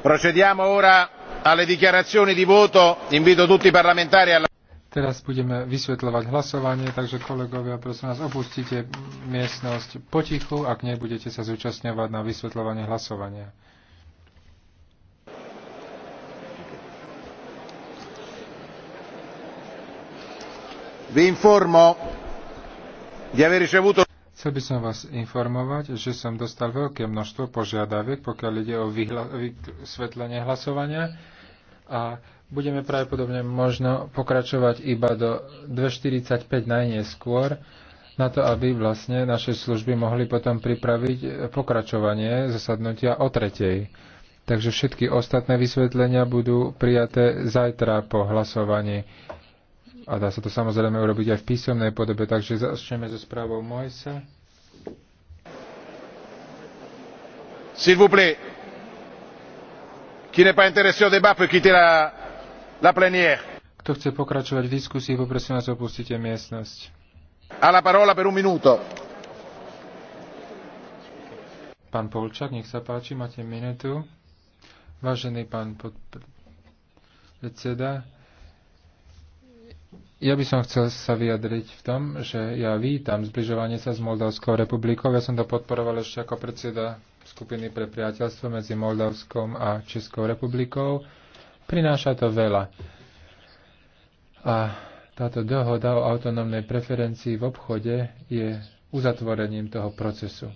Procediamo ora alle dichiarazioni di voto. Invito tutti i parlamentari alla... Teraz budeme vysvetľovať hlasovanie, takže kolegovia, prosím vás, opustite miestnosť potichu, ak nebudete sa zúčastňovať na vysvetľovanie hlasovania. Vi informo di aver ricevuto Chcel by som vás informovať, že som dostal veľké množstvo požiadaviek, pokiaľ ide o vysvetlenie hlasovania a budeme pravdepodobne možno pokračovať iba do 2.45 najneskôr, na to, aby vlastne naše služby mohli potom pripraviť pokračovanie zasadnutia o tretej. Takže všetky ostatné vysvetlenia budú prijaté zajtra po hlasovaní a dá sa to samozrejme urobiť aj v písomnej podobe, takže začneme so správou Mojsa. s'il vous plaît qui n'est pas intéressé au débat peut quitter la, la plénière. Kto chce pokračovať v diskusii, poprosím vás opustite miestnosť. A la parola per un minuto. Pán Polčak, nech sa páči, máte minutu. Vážený pán predseda, ja by som chcel sa vyjadriť v tom, že ja vítam zbližovanie sa s Moldavskou republikou. Ja som to podporoval ešte ako predseda skupiny pre priateľstvo medzi Moldavskom a Českou republikou. Prináša to veľa. A táto dohoda o autonómnej preferencii v obchode je uzatvorením toho procesu.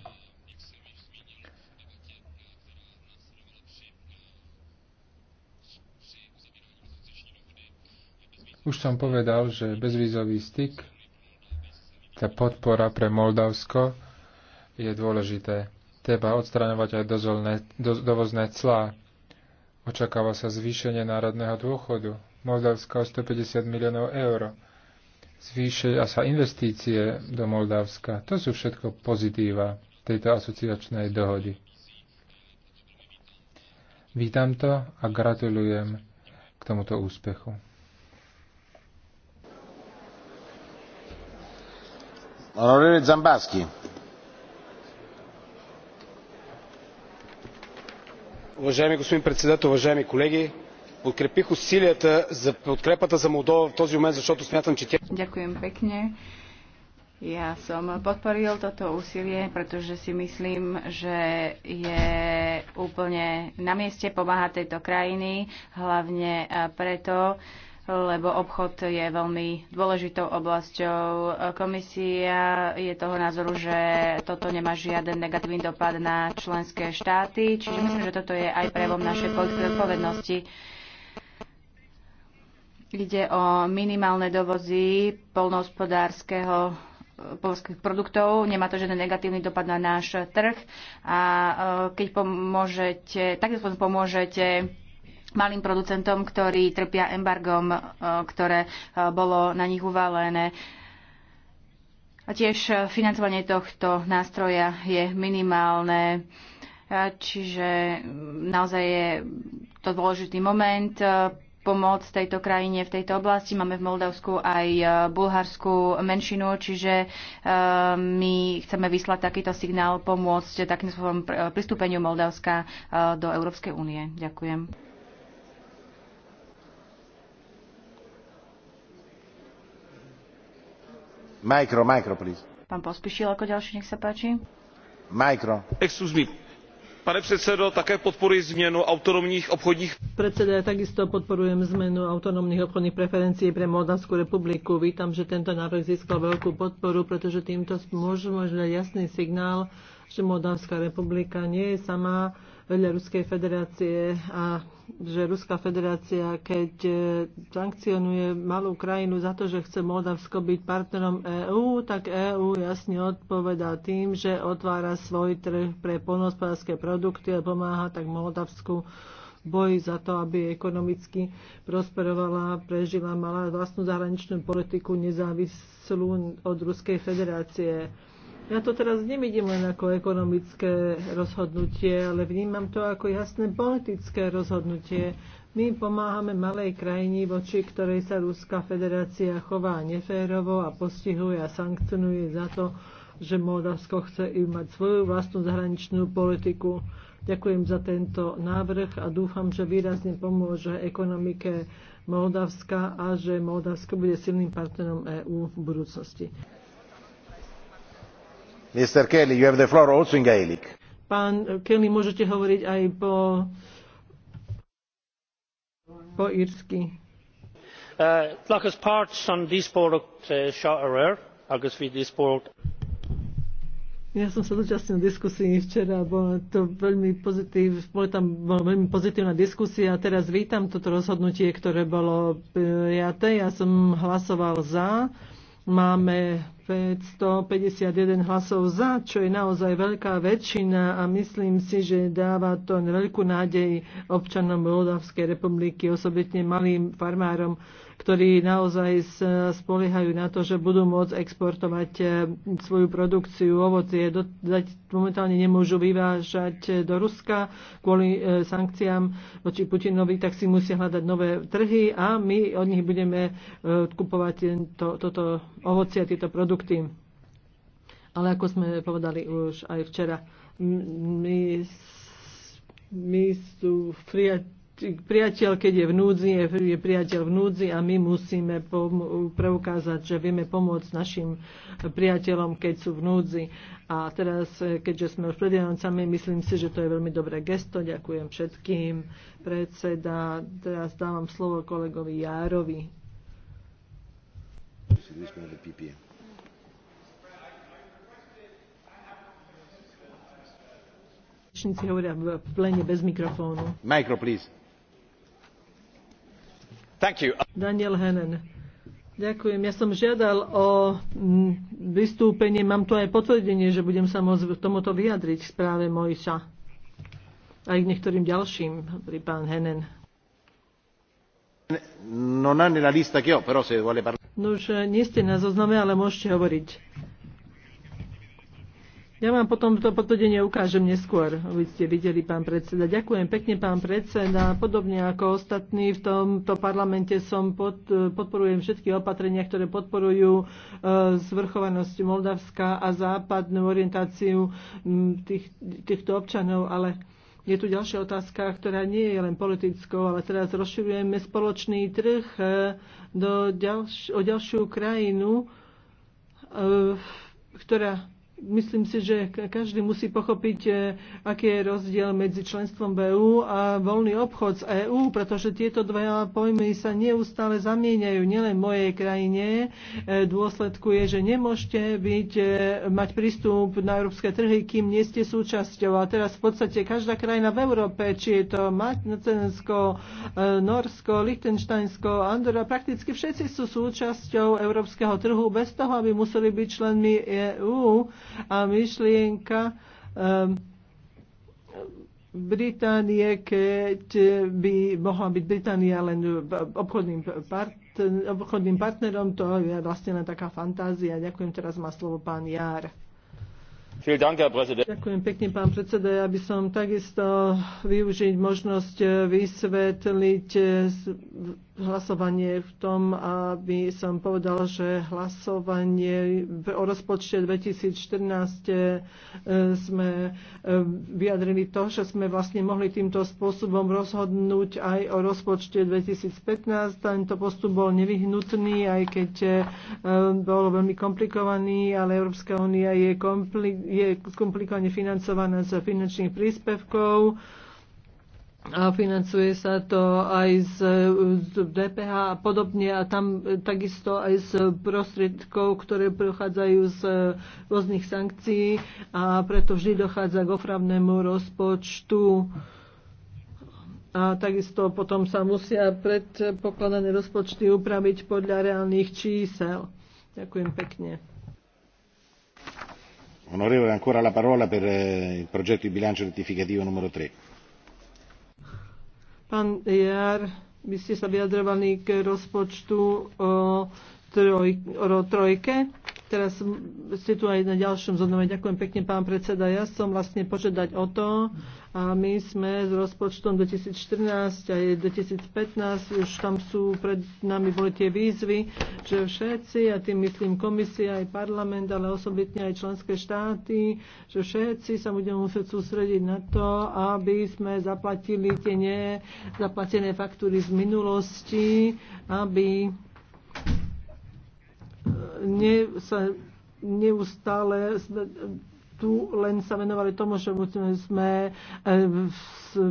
Už som povedal, že bezvízový styk, tá podpora pre Moldavsko je dôležité treba odstraňovať aj dozolné, do, dovozné clá. Očakáva sa zvýšenie národného dôchodu Moldavska o 150 miliónov eur. Zvýšia sa investície do Moldavska. To sú všetko pozitíva tejto asociačnej dohody. Vítam to a gratulujem k tomuto úspechu. Honorable Zambaschi. уважаеми господин председател уважаеми колеги подкрепих усилията за подкрепата за молдова в този момент защото смятам че тя lebo obchod je veľmi dôležitou oblasťou. Komisia je toho názoru, že toto nemá žiaden negatívny dopad na členské štáty, čiže myslím, že toto je aj prejavom našej politickej odpovednosti. Ide o minimálne dovozy polnohospodárskeho polských produktov, nemá to žiaden negatívny dopad na náš trh a e, keď pomôžete, takým spôsobom pomôžete malým producentom, ktorí trpia embargom, e, ktoré e, bolo na nich uvalené. A tiež e, financovanie tohto nástroja je minimálne, čiže naozaj je to dôležitý moment pomoc tejto krajine v tejto oblasti. Máme v Moldavsku aj bulharskú menšinu, čiže my chceme vyslať takýto signál pomôcť takým spôsobom pristúpeniu Moldavska do Európskej únie. Ďakujem. Micro, micro, please. Pán ako ďalší, nech sa páči. Micro. Excuse me. Pane predsedo, také podporuji zmenu autonómnych obchodných... Predseda, ja takisto podporujem zmenu autonómnych obchodných preferencií pre Moldavskú republiku. Vítam, že tento návrh získal veľkú podporu, pretože týmto môžeme dať jasný signál, že Moldavská republika nie je sama Ruskej federácie a že Ruská federácia, keď e, sankcionuje malú krajinu za to, že chce Moldavsko byť partnerom EÚ, tak EÚ jasne odpovedá tým, že otvára svoj trh pre polnospodárske produkty a pomáha tak Moldavsku boji za to, aby ekonomicky prosperovala, prežila, mala vlastnú zahraničnú politiku nezávislú od Ruskej federácie. Ja to teraz nevidím len ako ekonomické rozhodnutie, ale vnímam to ako jasné politické rozhodnutie. My pomáhame malej krajine, voči ktorej sa Ruská federácia chová neférovo a postihuje a sankcionuje za to, že Moldavsko chce mať svoju vlastnú zahraničnú politiku. Ďakujem za tento návrh a dúfam, že výrazne pomôže ekonomike Moldavska a že Moldavsko bude silným partnerom EÚ v budúcnosti. Pán Kelly, môžete hovoriť aj po, po írsky. Uh, uh, ja som sa zúčastnil diskusii včera, bola to veľmi pozitív, bola tam veľmi pozitívna diskusia a teraz vítam toto rozhodnutie, ktoré bolo prijaté. Ja som hlasoval za máme 551 hlasov za, čo je naozaj veľká väčšina a myslím si, že dáva to veľkú nádej občanom Moldavskej republiky, osobitne malým farmárom, ktorí naozaj spoliehajú na to, že budú môcť exportovať e, svoju produkciu ovocie. Momentálne nemôžu vyvážať e, do Ruska kvôli e, sankciám voči Putinovi, tak si musia hľadať nové trhy a my od nich budeme kupovať to, toto ovocie, a tieto produkty. Ale ako sme povedali už aj včera, my, my sú prijať priateľ, keď je v núdzi, je, je priateľ v núdzi a my musíme preukázať, že vieme pomôcť našim priateľom, keď sú v núdzi. A teraz, keďže sme už pred myslím si, že to je veľmi dobré gesto. Ďakujem všetkým. Predseda, teraz dávam slovo kolegovi Járovi. Rečníci hovoria v plene bez mikrofónu. Micro, please. Daniel Henen. Ďakujem. Ja som žiadal o vystúpenie. Mám tu aj potvrdenie, že budem sa môcť k tomuto vyjadriť v správe Mojša. Aj k niektorým ďalším, pri pán Henen. Non ha nella lista che ho, però se vuole parlare. No, nie ste na zozname, ale môžete hovoriť. Ja vám potom to potvrdenie ukážem neskôr, aby ste videli, pán predseda. Ďakujem pekne, pán predseda. Podobne ako ostatní v tomto parlamente som pod, podporujem všetky opatrenia, ktoré podporujú e, zvrchovanosť Moldavska a západnú orientáciu tých, týchto občanov, ale je tu ďalšia otázka, ktorá nie je len politickou, ale teraz rozširujeme spoločný trh e, do ďalš- o ďalšiu krajinu, e, ktorá myslím si, že každý musí pochopiť, e, aký je rozdiel medzi členstvom v EÚ a voľný obchod z EÚ, pretože tieto dva pojmy sa neustále zamieňajú. Nielen v mojej krajine e, dôsledku je, že nemôžete byť, e, mať prístup na európske trhy, kým nie ste súčasťou. A teraz v podstate každá krajina v Európe, či je to Maďarsko, Norsko, Liechtensteinsko, Andorra, prakticky všetci sú súčasťou európskeho trhu bez toho, aby museli byť členmi EÚ a myšlienka um, Británie, keď by mohla byť Británia len obchodným, part, obchodným partnerom, to je vlastne len taká fantázia. Ďakujem, teraz má slovo pán Jár. Ďakujem pekne, pán predseda. Ja by som takisto využiť možnosť vysvetliť hlasovanie v tom, aby som povedal, že hlasovanie o rozpočte 2014 eh, sme eh, vyjadrili to, že sme vlastne mohli týmto spôsobom rozhodnúť aj o rozpočte 2015. Tento postup bol nevyhnutný, aj keď eh, bol veľmi komplikovaný, ale Európska únia je, komplik- je komplikovane financovaná z finančných príspevkov a financuje sa to aj z, DPH a podobne a tam takisto aj z prostriedkov, ktoré prochádzajú z rôznych sankcií a preto vždy dochádza k ofravnému rozpočtu a takisto potom sa musia predpokladané rozpočty upraviť podľa reálnych čísel. Ďakujem pekne. Onorevole, ancora la parola per eh, il progetto di bilancio rettificativo numero 3. Pán Jar, by ste sa vyjadrovali k rozpočtu o, troj, o trojke. Teraz ste tu aj na ďalšom zozname. Ďakujem pekne, pán predseda. Ja som vlastne požiadať o to, a my sme s rozpočtom 2014 aj 2015, už tam sú pred nami boli tie výzvy, že všetci, a tým myslím komisia aj parlament, ale osobitne aj členské štáty, že všetci sa budeme musieť sústrediť na to, aby sme zaplatili tie nezaplatené faktúry z minulosti, aby ne, sa neustále tu len sa venovali tomu, že sme e,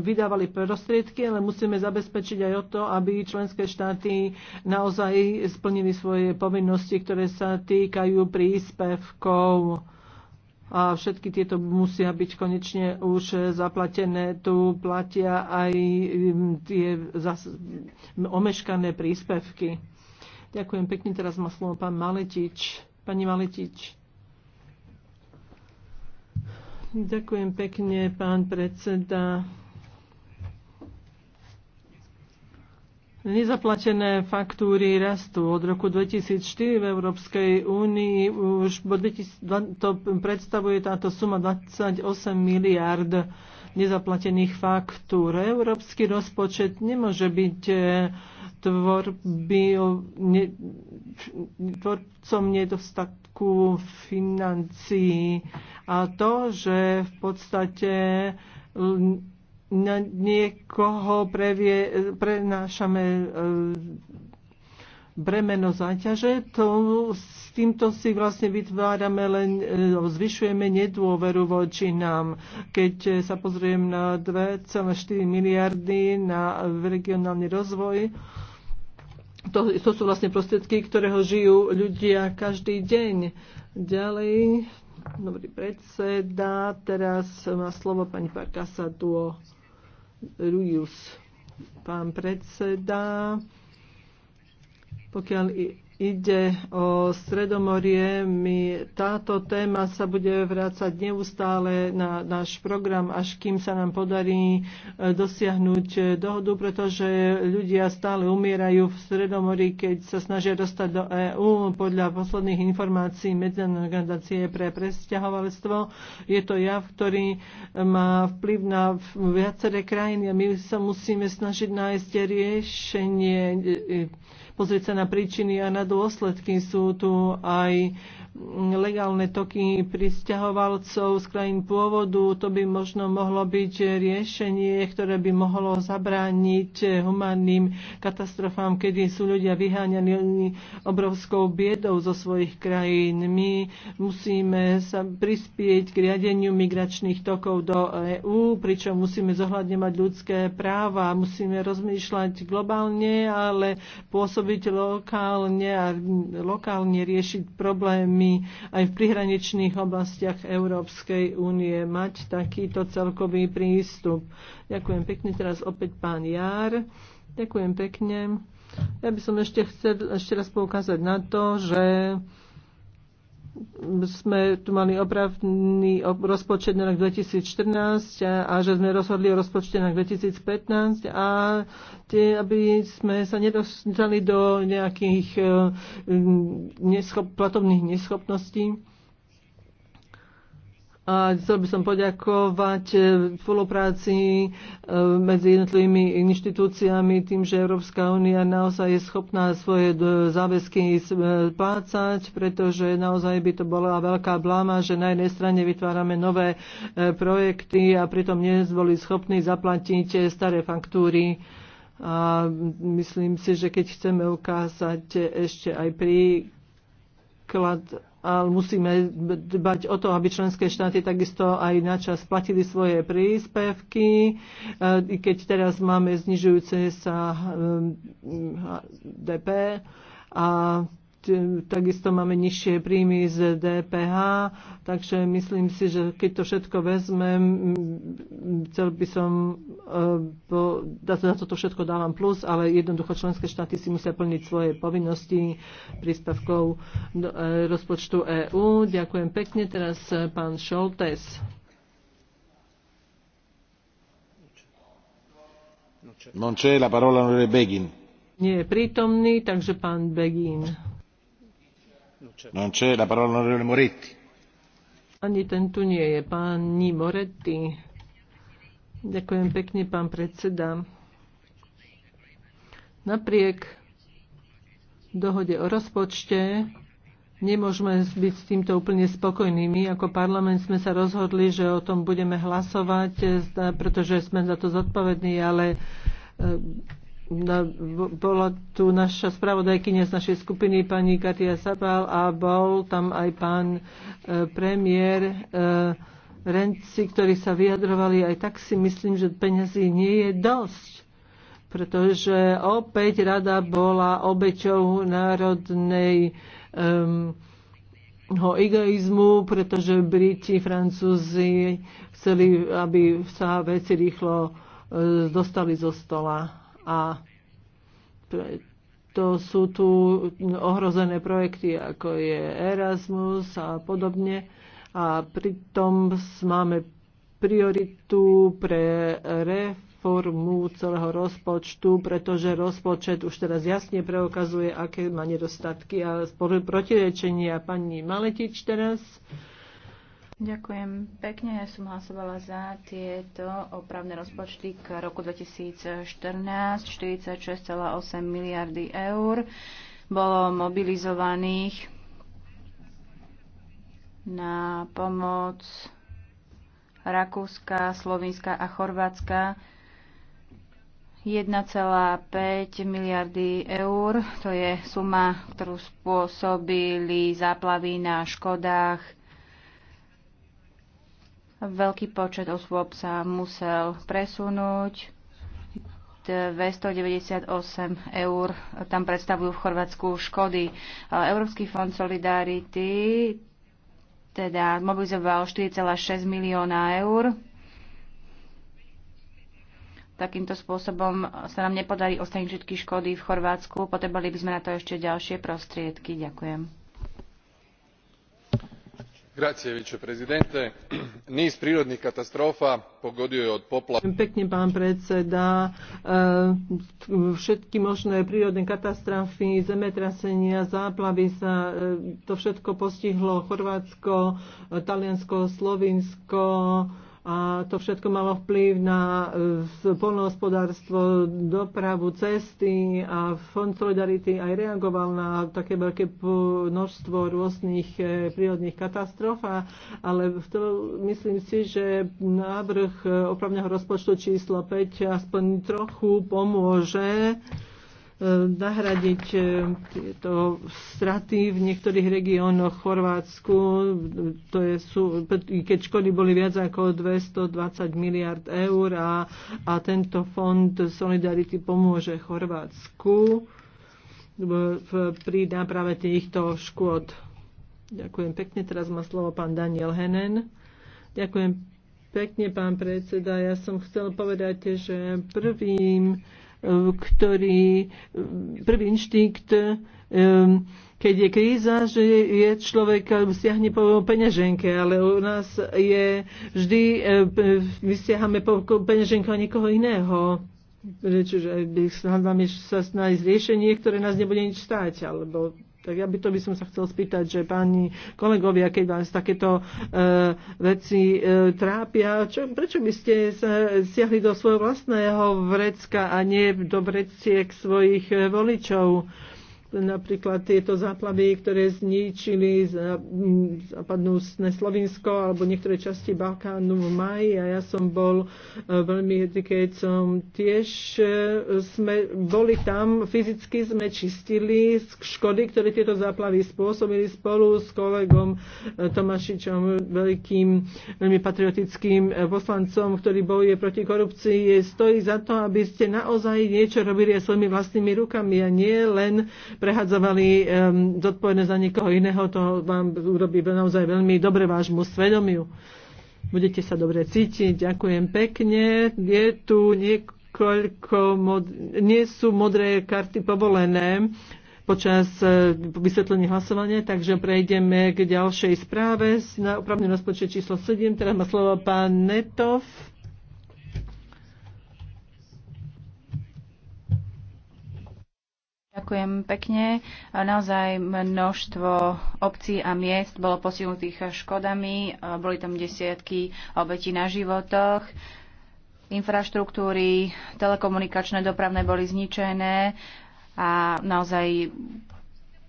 vydávali prostriedky, ale musíme zabezpečiť aj o to, aby členské štáty naozaj splnili svoje povinnosti, ktoré sa týkajú príspevkov a všetky tieto musia byť konečne už zaplatené. Tu platia aj tie omeškané príspevky. Ďakujem pekne, teraz má slovo pán Maletič. Pani Maletič. Ďakujem pekne, pán predseda. Nezaplatené faktúry rastú. Od roku 2004 v Európskej únii už to predstavuje táto suma 28 miliard nezaplatených faktúr. Európsky rozpočet nemôže byť e, tvorby, ne, tvorcom nedostatku financií. A to, že v podstate na niekoho previe, prenášame e, bremeno záťaže, to s týmto si vlastne vytvárame len, e, zvyšujeme nedôveru voči nám. Keď e, sa pozriem na 2,4 miliardy na e, regionálny rozvoj, to, to sú vlastne prostriedky, ktorého žijú ľudia každý deň. Ďalej, dobrý predseda, teraz má slovo pani Parkasa Duo Rujus. Pán predseda, pokiaľ ide o Stredomorie. My, táto téma sa bude vrácať neustále na náš program, až kým sa nám podarí e, dosiahnuť e, dohodu, pretože ľudia stále umierajú v Stredomorí, keď sa snažia dostať do EÚ. Podľa posledných informácií Medzinárodnej organizácie pre presťahovalstvo je to jav, ktorý e, má vplyv na viaceré krajiny a my sa musíme snažiť nájsť riešenie, pozrieť sa na príčiny a na dôsledky. Sú tu aj legálne toky pristahovalcov z krajín pôvodu. To by možno mohlo byť riešenie, ktoré by mohlo zabrániť humánnym katastrofám, kedy sú ľudia vyháňaní obrovskou biedou zo svojich krajín. My musíme sa prispieť k riadeniu migračných tokov do EÚ, pričom musíme zohľadňovať ľudské práva, musíme rozmýšľať globálne, ale pôsobiť lokálne a lokálne riešiť problémy aj v prihraničných oblastiach Európskej únie, mať takýto celkový prístup. Ďakujem pekne teraz opäť pán Jár. Ďakujem pekne. Ja by som ešte chcel ešte raz poukázať na to, že sme tu mali opravný rozpočet na rok 2014 a, a že sme rozhodli o rozpočte na rok 2015 a tie, aby sme sa nedostali do nejakých eh, neschop, platovných neschopností a chcel by som poďakovať e, spolupráci e, medzi jednotlivými inštitúciami tým, že Európska únia naozaj je schopná svoje e, záväzky splácať, pretože naozaj by to bola veľká bláma, že na jednej strane vytvárame nové projekty a pritom nie boli schopní zaplatiť staré faktúry. A myslím si, že keď chceme ukázať ešte aj príklad ale musíme dbať o to, aby členské štáty takisto aj načas platili svoje príspevky. E, I keď teraz máme znižujúce sa e, DP a takisto máme nižšie príjmy z DPH, takže myslím si, že keď to všetko vezmem, chcel by som, bo, eh, za toto všetko dávam plus, ale jednoducho členské štáty si musia plniť svoje povinnosti príspevkov do eh, rozpočtu EÚ. Ďakujem pekne. Teraz eh, pán Šoltes. Non c'è la parola onorevole Begin. Nie je prítomný, takže pán Begín. Ani ten tu nie je, pani Moretti. Ďakujem pekne, pán predseda. Napriek dohode o rozpočte nemôžeme byť s týmto úplne spokojnými. Ako parlament sme sa rozhodli, že o tom budeme hlasovať, pretože sme za to zodpovední, ale e, bola tu naša spravodajkynia z našej skupiny pani Katia Sabal a bol tam aj pán e, premiér e, Renci, ktorí sa vyjadrovali, aj tak si myslím, že peňazí nie je dosť pretože opäť rada bola obeťou národnej e, ho egoizmu, pretože Briti, Francúzi chceli, aby sa veci rýchlo e, dostali zo stola a to sú tu ohrozené projekty, ako je Erasmus a podobne. A pritom máme prioritu pre reformu celého rozpočtu, pretože rozpočet už teraz jasne preukazuje, aké má nedostatky a protirečenia pani Maletič teraz. Ďakujem pekne. Ja som hlasovala za tieto opravné rozpočty k roku 2014 46,8 miliardy eur bolo mobilizovaných na pomoc Rakúska, Slovinska a Chorvátska 1,5 miliardy eur. To je suma, ktorú spôsobili záplavy na škodách Veľký počet osôb sa musel presunúť. 298 eur tam predstavujú v Chorvátsku škody. Európsky fond Solidarity teda mobilizoval 4,6 milióna eur. Takýmto spôsobom sa nám nepodarí ostaniť všetky škody v Chorvátsku. Potrebovali by sme na to ešte ďalšie prostriedky. Ďakujem gospodine predsjedniče niz prirodnih katastrofa pogodio je od poplava. pekne pán predseda e, všetky možné prírodné katastrofy zemetrasenia záplavy sa e, to všetko postihlo chorvátsko taliansko slovinsko a to všetko malo vplyv na e, polnohospodárstvo, dopravu, cesty a Fond Solidarity aj reagoval na také veľké množstvo rôznych e, prírodných katastrof, a, ale to, myslím si, že návrh e, opravného rozpočtu číslo 5 aspoň trochu pomôže E, nahradiť e, tieto straty v niektorých regiónoch v Chorvátsku, to je, sú, keď škody boli viac ako 220 miliard eur a, a tento fond Solidarity pomôže Chorvátsku v, pri náprave týchto škôd. Ďakujem pekne. Teraz má slovo pán Daniel Henen. Ďakujem pekne, pán predseda. Ja som chcel povedať, že prvým ktorý prvý inštinkt keď je kríza, že je človek stiahne po peňaženke, ale u nás je vždy, vysiahame po peňaženke a niekoho iného. Čiže eh, hľadáme sa nájsť riešenie, ktoré nás nebude nič stáť, alebo tak ja by to by som sa chcel spýtať, že páni kolegovia, keď vás takéto e, veci e, trápia, čo, prečo by ste sa siahli do svojho vlastného vrecka a nie do vreciek svojich e, voličov? E, napríklad tieto záplavy, ktoré zničili západnú Slovinsko alebo niektoré časti Balkánu v maji a ja som bol e, veľmi keď som tiež e, sme boli tam, fyzicky sme čistili škody, ktoré tieto záplavy spôsobili spolu s kolegom e, Tomášičom, veľkým, veľmi patriotickým poslancom, ktorý bojuje proti korupcii, stojí za to, aby ste naozaj niečo robili aj svojimi vlastnými rukami a nie len prehadzovali um, zodpovedné za niekoho iného, to vám urobí naozaj veľmi dobre vášmu svedomiu. Budete sa dobre cítiť. Ďakujem pekne. Je tu niekoľko, mod- nie sú modré karty povolené počas e, vysvetlenia hlasovania, takže prejdeme k ďalšej správe na opravný rozpočet číslo 7. Teraz má slovo pán Netov. Ďakujem pekne. Naozaj množstvo obcí a miest bolo posilnutých škodami. Boli tam desiatky obetí na životoch. Infraštruktúry, telekomunikačné, dopravné boli zničené a naozaj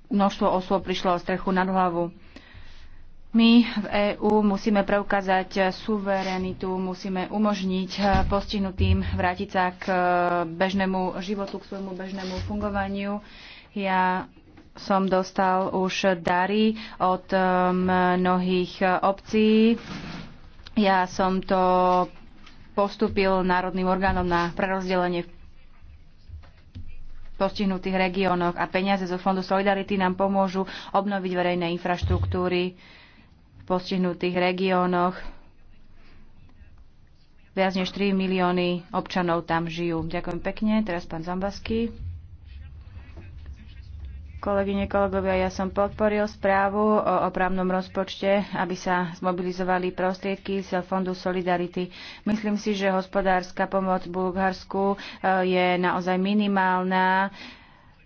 množstvo osôb prišlo o strechu nad hlavu. My v EÚ musíme preukázať suverenitu, musíme umožniť eh, postihnutým vrátiť sa k eh, bežnému životu, k svojmu bežnému fungovaniu. Ja som dostal už dary od eh, mnohých obcí. Ja som to postúpil národným orgánom na prerozdelenie v postihnutých regiónoch a peniaze zo Fondu Solidarity nám pomôžu obnoviť verejné infraštruktúry postihnutých regiónoch. Viac než 3 milióny občanov tam žijú. Ďakujem pekne. Teraz pán Zambasky. Kolegyne, kolegovia, ja som podporil správu o opravnom rozpočte, aby sa zmobilizovali prostriedky z Fondu Solidarity. Myslím si, že hospodárska pomoc Bulharsku eh, je naozaj minimálna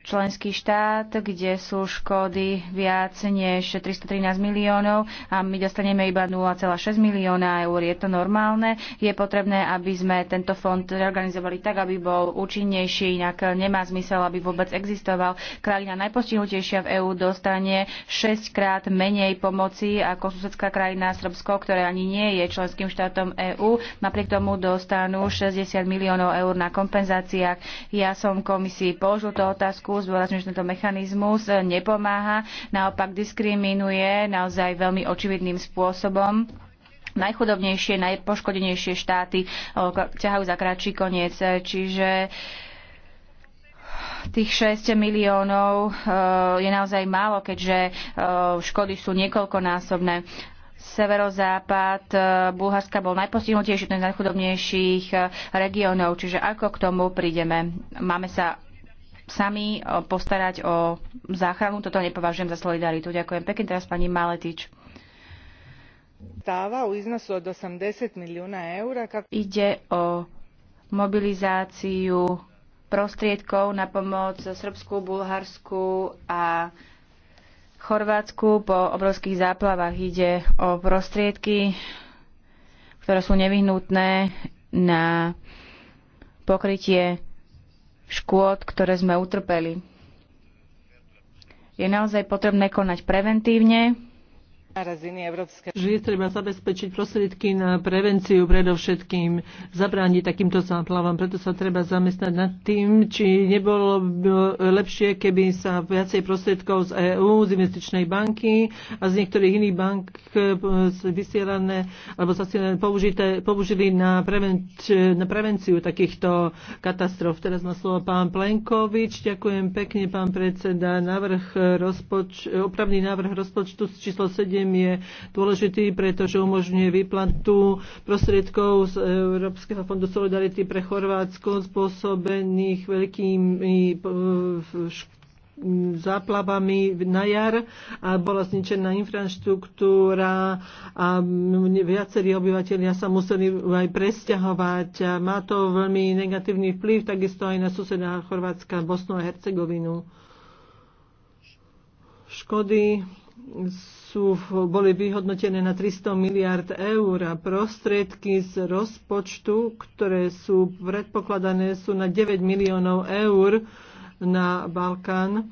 členský štát, kde sú škody viac než 313 miliónov a my dostaneme iba 0,6 milióna eur. Je to normálne? Je potrebné, aby sme tento fond reorganizovali tak, aby bol účinnejší, inak nemá zmysel, aby vôbec existoval. Krajina najpostihnutejšia v EÚ dostane 6 krát menej pomoci ako susedská krajina Srbsko, ktoré ani nie je členským štátom EÚ. Napriek tomu dostanú 60 miliónov eur na kompenzáciách. Ja som komisii položil tú otázku, Zdôrazňujem, že tento mechanizmus e, nepomáha, naopak diskriminuje naozaj veľmi očividným spôsobom najchudobnejšie, najpoškodenejšie štáty e, ťahajú za kratší koniec. E, čiže tých 6 miliónov je naozaj málo, keďže škody sú niekoľkonásobné severozápad Bulharska bol najpostihnutejší, jeden z najchudobnejších regiónov. Čiže ako k tomu prídeme? Máme sa sami eh, postarať o záchranu. Toto nepovažujem za solidaritu. Ďakujem pekne. Teraz pani Maletič. Stáva u iznosu od 80 milióna eur. Ide o mobilizáciu prostriedkov na pomoc Srbsku, Bulharsku a Chorvátsku po obrovských záplavách. Ide o prostriedky, ktoré sú nevyhnutné na pokrytie škôd, ktoré sme utrpeli. Je naozaj potrebné konať preventívne, že je treba zabezpečiť prostriedky na prevenciu predovšetkým, zabrániť takýmto záplavom. Preto sa treba zamestnať nad tým, či nebolo lepšie, keby sa viacej prostriedkov z EÚ, z investičnej banky a z niektorých iných bank e, vysielané alebo zasielané, použité, použili na, prevenč, na prevenciu takýchto katastrof. Teraz má slovo pán Plenkovič. Ďakujem pekne, pán predseda. Návrh rozpoč, opravný návrh rozpočtu číslo 7 systém je dôležitý, pretože umožňuje výplatu prostriedkov z Európskeho fondu Solidarity pre Chorvátsko spôsobených veľkými eh, záplavami na jar a bola zničená infraštruktúra a viacerí obyvateľia sa museli aj presťahovať. A má to veľmi negatívny vplyv takisto aj na suseda Chorvátska, Bosnu a Hercegovinu. Škody sú, boli vyhodnotené na 300 miliard eur a prostriedky z rozpočtu, ktoré sú predpokladané, sú na 9 miliónov eur na Balkán.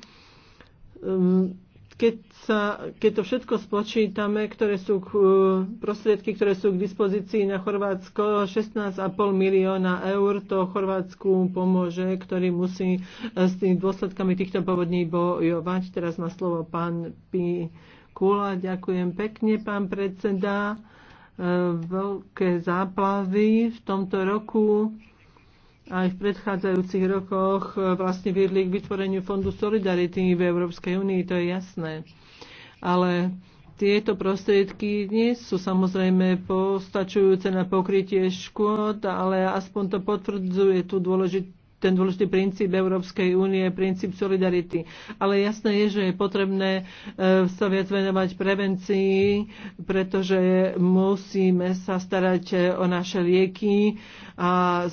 Um, keď, sa, keď to všetko spočítame, ktoré sú k, e, prostriedky, ktoré sú k dispozícii na Chorvátsko, 16,5 milióna eur to Chorvátsku pomôže, ktorý musí e, s tými dôsledkami týchto povodní bojovať. Teraz má slovo pán P. Kula. Ďakujem pekne, pán predseda. E, veľké záplavy v tomto roku aj v predchádzajúcich rokoch e, vlastne viedli k vytvoreniu Fondu Solidarity v Európskej únii, to je jasné. Ale tieto prostriedky nie sú samozrejme postačujúce na pokrytie škôd, ale aspoň to potvrdzuje tú dôležitú ten dôležitý princíp Európskej únie, princíp solidarity. Ale jasné je, že je potrebné e, sa viac venovať prevencii, pretože musíme sa starať o naše lieky a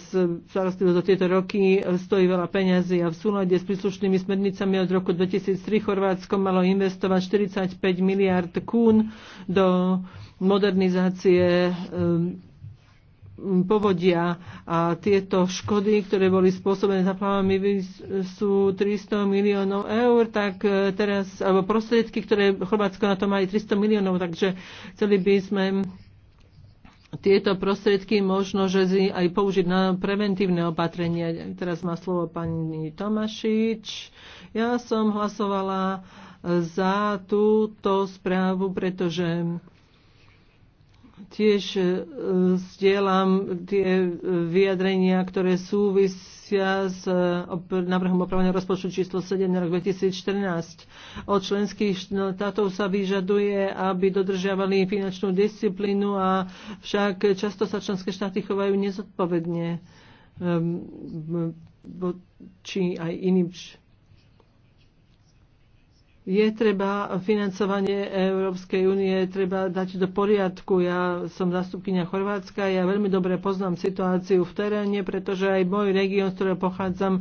starostlivosť za tieto roky stojí veľa peňazí a v súlade s príslušnými smernicami od roku 2003 Chorvátsko malo investovať 45 miliard kún do modernizácie e, povodia a tieto škody, ktoré boli spôsobené zaplavami, sú 300 miliónov eur, tak e, teraz, alebo prostriedky, ktoré Chorvátsko na to mali 300 miliónov, takže chceli by sme tieto prostriedky možno, že si aj použiť na preventívne opatrenia. Teraz má slovo pani Tomašič. Ja som hlasovala za túto správu, pretože Tiež sdielam e, tie e, vyjadrenia, ktoré súvisia s e, návrhom opravenia rozpočtu číslo 7 na rok 2014. Od členských štátov sa vyžaduje, aby dodržiavali finančnú disciplínu a však často sa členské štáty chovajú nezodpovedne či aj iným je treba financovanie Európskej únie treba dať do poriadku. Ja som zastupkynia Chorvátska, ja veľmi dobre poznám situáciu v teréne, pretože aj môj región, z ktorého pochádzam, e,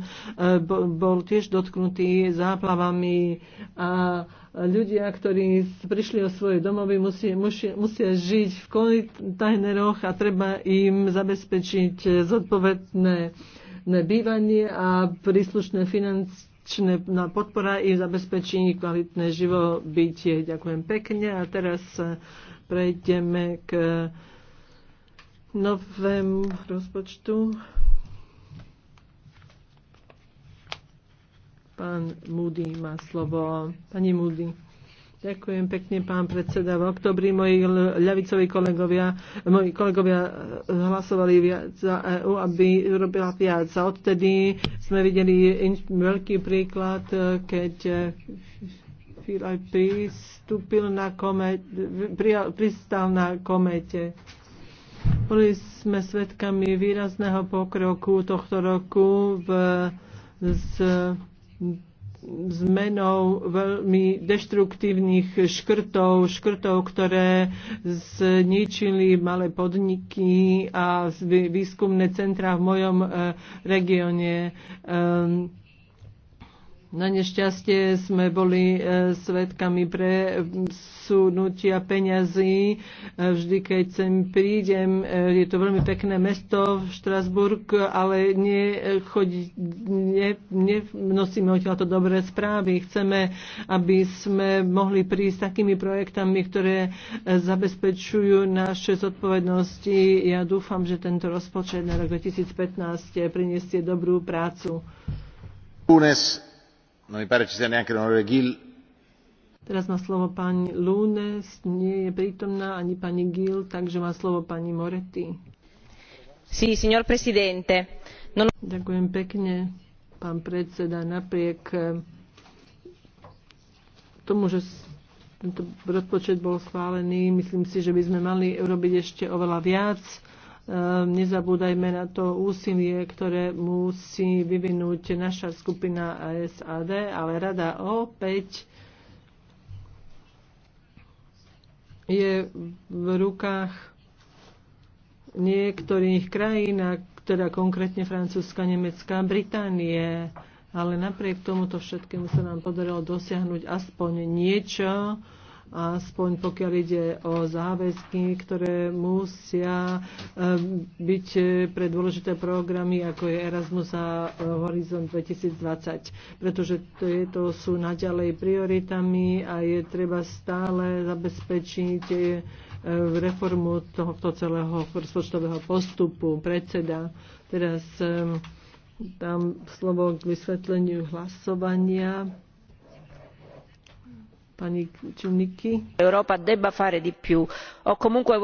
bol tiež dotknutý záplavami a ľudia, ktorí prišli o svoje domovy, musia, musia, musia žiť v kontajneroch a treba im zabezpečiť zodpovedné bývanie a príslušné financie na podpora i zabezpečení kvalitné živobytie. Ďakujem pekne a teraz e, prejdeme k novému rozpočtu. Pán Moody má slovo. Pani Moody. Ďakujem pekne, pán predseda. V oktobri moji ľavicoví kolegovia, moji kolegovia eh, hlasovali viac za EU, aby robila viac. A odtedy sme videli veľký príklad, eh, keď Filaj eh, pristúpil na komete, pristal na komete. Boli sme svedkami výrazného pokroku tohto roku v, z zmenou veľmi deštruktívnych škrtov, škrtov, ktoré zničili malé podniky a výskumné centra v mojom eh, regióne. Ehm, na nešťastie sme boli e, svetkami presúnutia peňazí. E, vždy, keď sem prídem, e, je to veľmi pekné mesto v Štrasburg, ale nechodí, ne, nosíme o to dobré správy. Chceme, aby sme mohli prísť takými projektami, ktoré zabezpečujú naše zodpovednosti. Ja dúfam, že tento rozpočet na rok 2015 priniesie dobrú prácu. Unes No mi pare ci sia neanche l'onorevole Gill. Teraz má slovo pani Lunes, nie je prítomná ani pani Gill, takže má slovo pani Moretti. Sí, signor presidente. Non... Ďakujem pekne, pán predseda. Napriek eh, tomu, že tento rozpočet bol schválený, myslím si, že by sme mali urobiť ešte oveľa viac Ehm, nezabúdajme na to úsilie, ktoré musí vyvinúť naša skupina SAD, ale rada opäť je v rukách niektorých krajín, teda konkrétne Francúzska, Nemecka, Británie. Ale napriek tomuto všetkému sa nám podarilo dosiahnuť aspoň niečo, aspoň pokiaľ ide o záväzky, ktoré musia eh, byť eh, pre dôležité programy, ako je Erasmus a eh, Horizon 2020, pretože tieto sú naďalej prioritami a je treba stále zabezpečiť reformu tohto celého rozpočtového postupu predseda. Teraz tam slovo k vysvetleniu hlasovania. Európa debba fare di più. comunque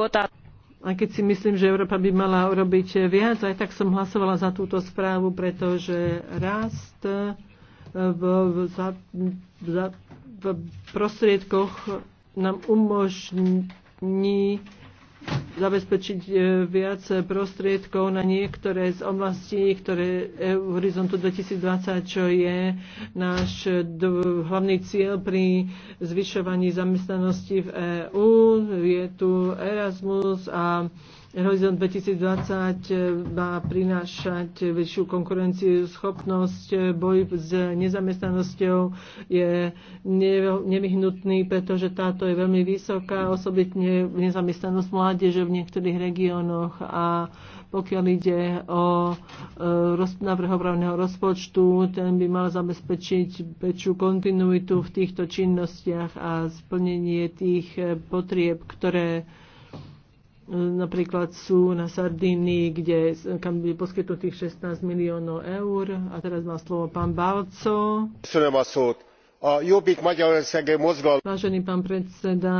a keď si myslím, že Európa by mala urobiť viac, aj tak som hlasovala za túto správu, pretože rast eh, v, v, za, za, v prostriedkoch nám umožní zabezpečiť e, viac prostriedkov na niektoré z oblastí, ktoré v e, horizontu 2020, čo je náš hlavný cieľ pri zvyšovaní zamestnanosti v EÚ. Je tu Erasmus a Horizont 2020 eh, má prinášať väčšiu konkurenciu, schopnosť, eh, boj s nezamestnanosťou je nevyhnutný, pretože táto je veľmi vysoká, osobitne nezamestnanosť mládeže v niektorých regiónoch a pokiaľ ide o eh, návrh obravného rozpočtu, ten by mal zabezpečiť väčšiu kontinuitu v týchto činnostiach a splnenie tých potrieb, ktoré Napríklad sú na Sardínii, kde, kam bude poskytnutých 16 miliónov eur. A teraz má slovo pán Balco. Vážený pán predseda,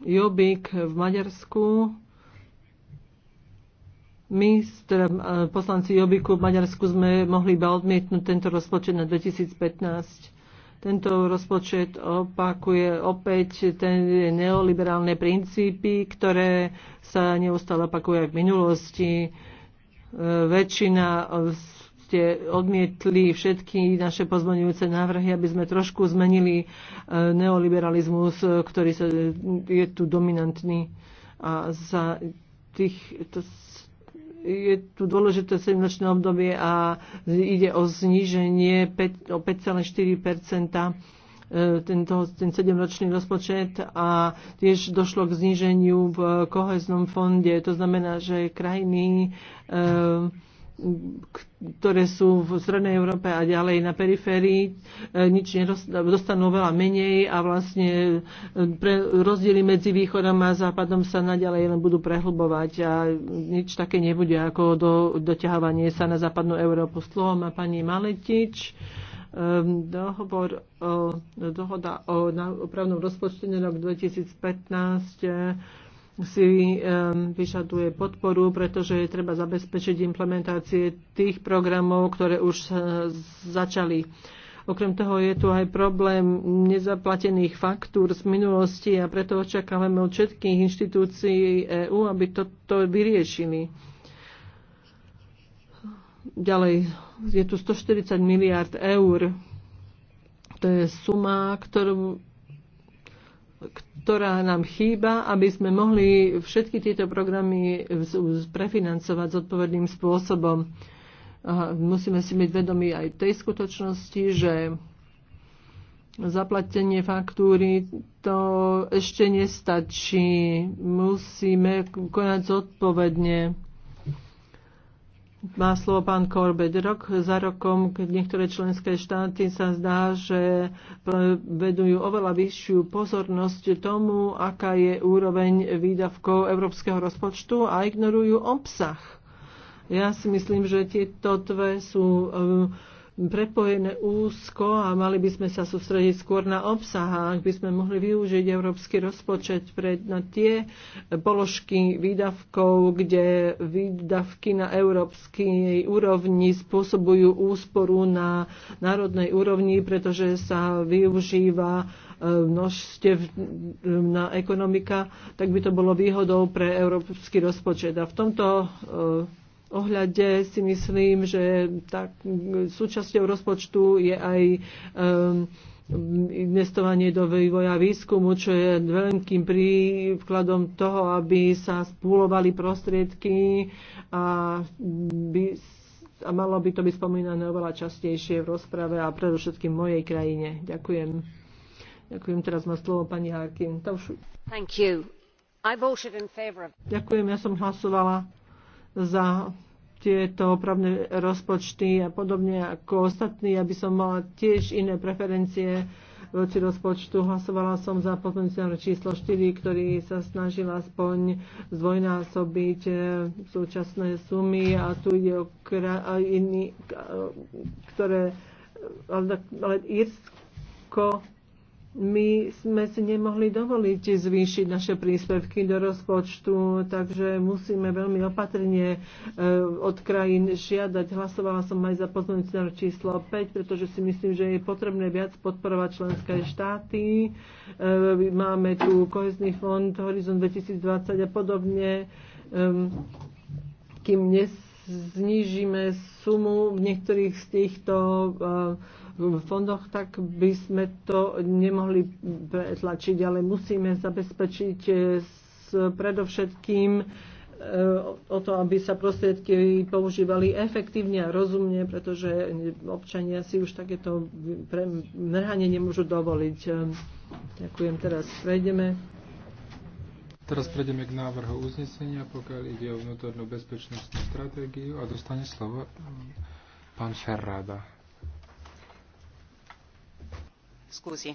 Jobbik v Maďarsku. My, teda eh, poslanci Jobbiku v Maďarsku, sme mohli iba odmietnúť tento rozpočet na 2015 tento rozpočet opakuje opäť ten neoliberálne princípy, ktoré sa neustále opakujú aj v minulosti. E, väčšina ste odmietli všetky naše pozmeňujúce návrhy, aby sme trošku zmenili e, neoliberalizmus, ktorý sa, je tu dominantný. A za tých, to je tu dôležité 7-ročné obdobie a ide o zníženie 5, o 5,4 e, tento, ten 7-ročný rozpočet a tiež došlo k zníženiu v koheznom fonde. To znamená, že krajiny e, ktoré sú v Strednej Európe a ďalej na periférii, e, nič dostanú veľa menej a vlastne e, pre rozdiely medzi východom a západom sa naďalej len budú prehlbovať a nič také nebude ako do, doťahovanie sa na západnú Európu. Slovo má pani Maletič ehm, dohovor o, dohoda o, o právnom rok 2015 si vyžaduje podporu, pretože je treba zabezpečiť implementácie tých programov, ktoré už eh, začali. Okrem toho je tu aj problém nezaplatených faktúr z minulosti a preto očakávame od všetkých inštitúcií EÚ, aby toto vyriešili. Ďalej, je tu 140 miliard eur. To je suma, ktorú ktorá nám chýba, aby sme mohli všetky tieto programy prefinancovať zodpovedným spôsobom. musíme si byť vedomi aj tej skutočnosti, že zaplatenie faktúry to ešte nestačí. Musíme konať zodpovedne má slovo pán Korbet. Rok za rokom, keď niektoré členské štáty sa zdá, že vedujú oveľa vyššiu pozornosť tomu, aká je úroveň výdavkov európskeho rozpočtu a ignorujú obsah. Ja si myslím, že tieto dve sú um, prepojené úzko a mali by sme sa sústrediť skôr na obsah. Ak by sme mohli využiť európsky rozpočet pre, na tie položky výdavkov, kde výdavky na európskej úrovni spôsobujú úsporu na národnej úrovni, pretože sa využíva e, na ekonomika, tak by to bolo výhodou pre európsky rozpočet. A v tomto e, ohľade si myslím, že tak, súčasťou rozpočtu je aj um, investovanie do vývoja výskumu, čo je veľkým príkladom toho, aby sa spúlovali prostriedky a, by, a malo by to byť spomínané oveľa častejšie v rozprave a predovšetkým v mojej krajine. Ďakujem. Ďakujem. Teraz má slovo pani Harkin. Ďakujem, ja som hlasovala za tieto opravné rozpočty a podobne ako ostatní, aby som mala tiež iné preferencie voči rozpočtu. Hlasovala som za potenciál číslo 4, ktorý sa snažil aspoň zdvojnásobiť e, súčasné sumy a tu ide o iný, e, ktoré ale Irsko my sme si nemohli dovoliť zvýšiť naše príspevky do rozpočtu, takže musíme veľmi opatrne e, od krajín žiadať. Hlasovala som aj za pozornosť na číslo 5, pretože si myslím, že je potrebné viac podporovať členské štáty. E, máme tu kohezný fond Horizon 2020 a podobne. E, kým dnes znížime sumu v niektorých z týchto eh, fondoch, tak by sme to nemohli pretlačiť, ale musíme zabezpečiť eh, s, predovšetkým eh, o to, aby sa prostriedky používali efektívne a rozumne, pretože občania si už takéto mrhanie nemôžu dovoliť. Ďakujem, teraz prejdeme. Teraz prejdeme k návrhu uznesenia, pokiaľ ide o vnútornú bezpečnostnú stratégiu a dostane slovo mm, pán Ferrada. Scusi.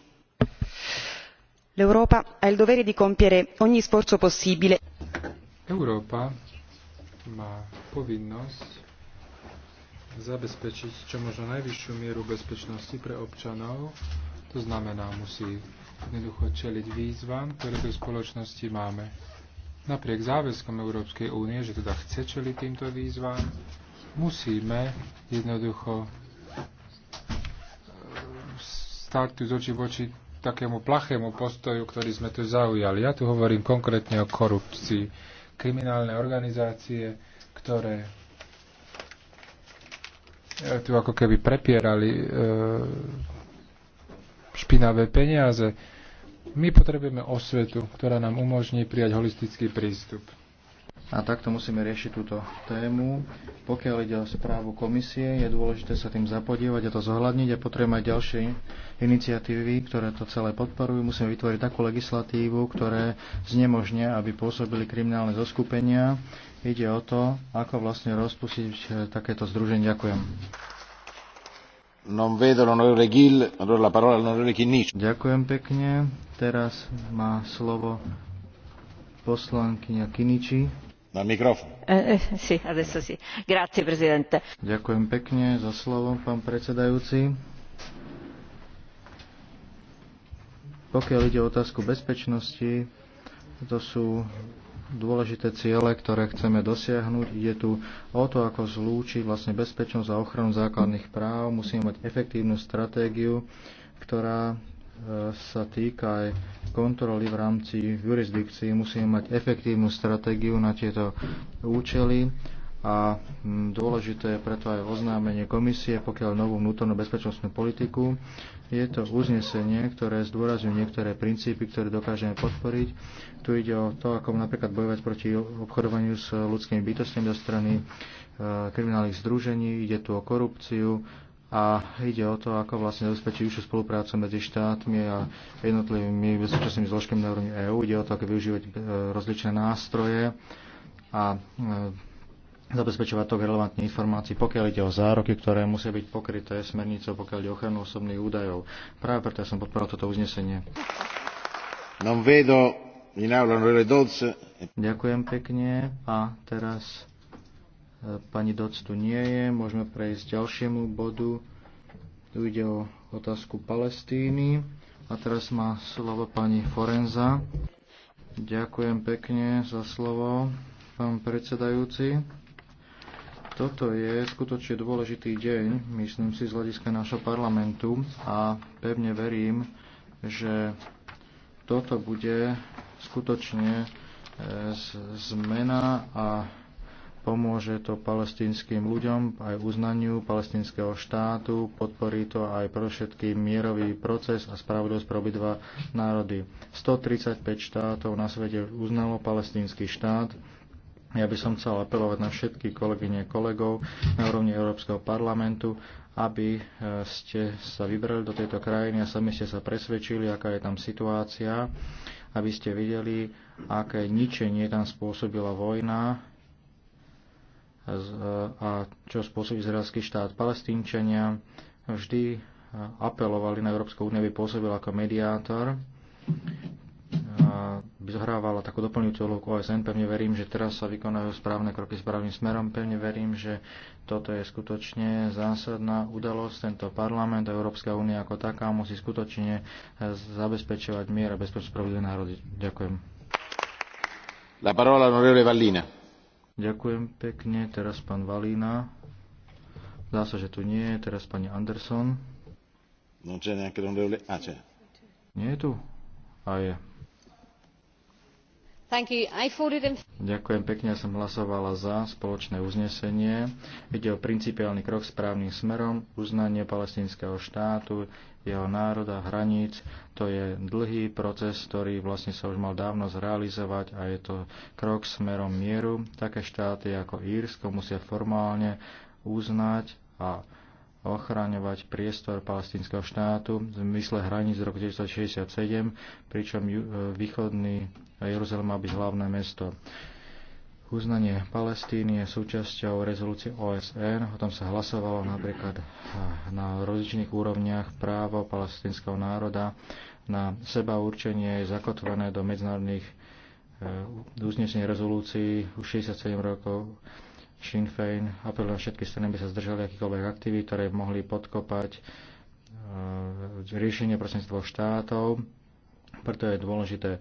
L'Europa ha il dovere di compiere ogni sforzo possibile. Europa ma povinnosť zabezpečiť čo možno najvyššiu mieru bezpečnosti pre občanov. To znamená, musí jednoducho čeliť výzvam, ktoré tu v spoločnosti máme. Napriek záväzkom Európskej únie, že teda chce čeliť týmto výzvam, musíme jednoducho e, stáť tu z očí v oči takému plachému postoju, ktorý sme tu zaujali. Ja tu hovorím konkrétne o korupcii. Kriminálne organizácie, ktoré e, tu ako keby prepierali e, špinavé peniaze. My potrebujeme osvetu, ktorá nám umožní prijať holistický prístup. A takto musíme riešiť túto tému. Pokiaľ ide o správu komisie, je dôležité sa tým zapodievať a to zohľadniť a potrebujeme aj ďalšie iniciatívy, ktoré to celé podporujú. Musíme vytvoriť takú legislatívu, ktoré znemožnia, aby pôsobili kriminálne zoskupenia. Ide o to, ako vlastne rozpustiť eh, takéto združenie. Ďakujem. Ďakujem pekne. Teraz má slovo poslankyňa Kiniči. Na mikrofón. Ďakujem pekne za slovo, pán predsedajúci. Pokiaľ ide o otázku bezpečnosti, to sú dôležité ciele, ktoré chceme dosiahnuť. Ide tu o to, ako zlúčiť vlastne bezpečnosť a ochranu základných práv. Musíme mať efektívnu stratégiu, ktorá e, sa týka aj kontroly v rámci jurisdikcií. Musíme mať efektívnu stratégiu na tieto účely a dôležité je preto aj oznámenie komisie, pokiaľ novú vnútornú bezpečnostnú politiku. Je to uznesenie, ktoré zdôrazňuje niektoré princípy, ktoré dokážeme podporiť. Tu ide o to, ako napríklad bojovať proti obchodovaniu s ľudskými bytostiami zo strany e, kriminálnych združení, ide tu o korupciu a ide o to, ako vlastne zabezpečiť vyššiu spoluprácu medzi štátmi a jednotlivými bezpečnostnými zložkami na úrovni EÚ. Ide o to, ako využívať e, rozličné nástroje a e, zabezpečovať tok relevantných informácií, pokiaľ ide o zároky, ktoré musia byť pokryté smernicou, pokiaľ ide o ochranu osobných údajov. Práve preto ja som podporil toto uznesenie. Non vedo in aula Ďakujem pekne a teraz e, pani Doc tu nie je. Môžeme prejsť k ďalšiemu bodu. Tu ide o otázku Palestíny. A teraz má slovo pani Forenza. Ďakujem pekne za slovo, pán predsedajúci. Toto je skutočne dôležitý deň, myslím si, z hľadiska nášho parlamentu a pevne verím, že toto bude skutočne e, zmena a pomôže to palestínskym ľuďom aj uznaniu palestínskeho štátu, podporí to aj pre všetký mierový proces a spravodlivosť pre obidva národy. 135 štátov na svete uznalo palestínsky štát, ja by som chcel apelovať na všetky kolegyne kolegov na úrovni Európskeho parlamentu, aby e, ste sa vybrali do tejto krajiny a sami ste sa presvedčili, aká je tam situácia, aby ste videli, aké ničenie tam spôsobila vojna e, a čo spôsobí izraelský štát. Palestínčania vždy e, apelovali na Európsku úniu, aby pôsobil ako mediátor by zohrávala takú doplňujúcu úlohu OSN. Pevne verím, že teraz sa vykonajú správne kroky správnym smerom. Pevne verím, že toto je skutočne zásadná udalosť. Tento parlament a Európska únia ako taká musí skutočne zabezpečovať mier a bezpečnosť pre národy. Ďakujem. La parola onorevole Vallina. Ďakujem pekne. Teraz pán Valína. Zdá sa, že tu nie je. Teraz pani Anderson. No, Nie je tu? A je. Ďakujem pekne, ja som hlasovala za spoločné uznesenie. Ide o principiálny krok správnym smerom, uznanie palestinského štátu, jeho národa, hraníc. To je dlhý proces, ktorý vlastne sa už mal dávno zrealizovať a je to krok smerom mieru. Také štáty ako Írsko musia formálne uznať a ochraňovať priestor palestínskeho štátu v zmysle hraníc z roku 1967, pričom e, východný Jeruzalem má byť hlavné mesto. Uznanie Palestíny je súčasťou rezolúcie OSN, o tom sa hlasovalo napríklad e, na rozličných úrovniach právo palestinského národa na seba určenie je zakotvené do medzinárodných e, uznesení rezolúcií už 67 rokov Sinn Féin apeluje všetky strany, aby sa zdržali akýkoľvek aktivít, ktoré mohli podkopať e, riešenie prostredníctvom štátov. Preto je dôležité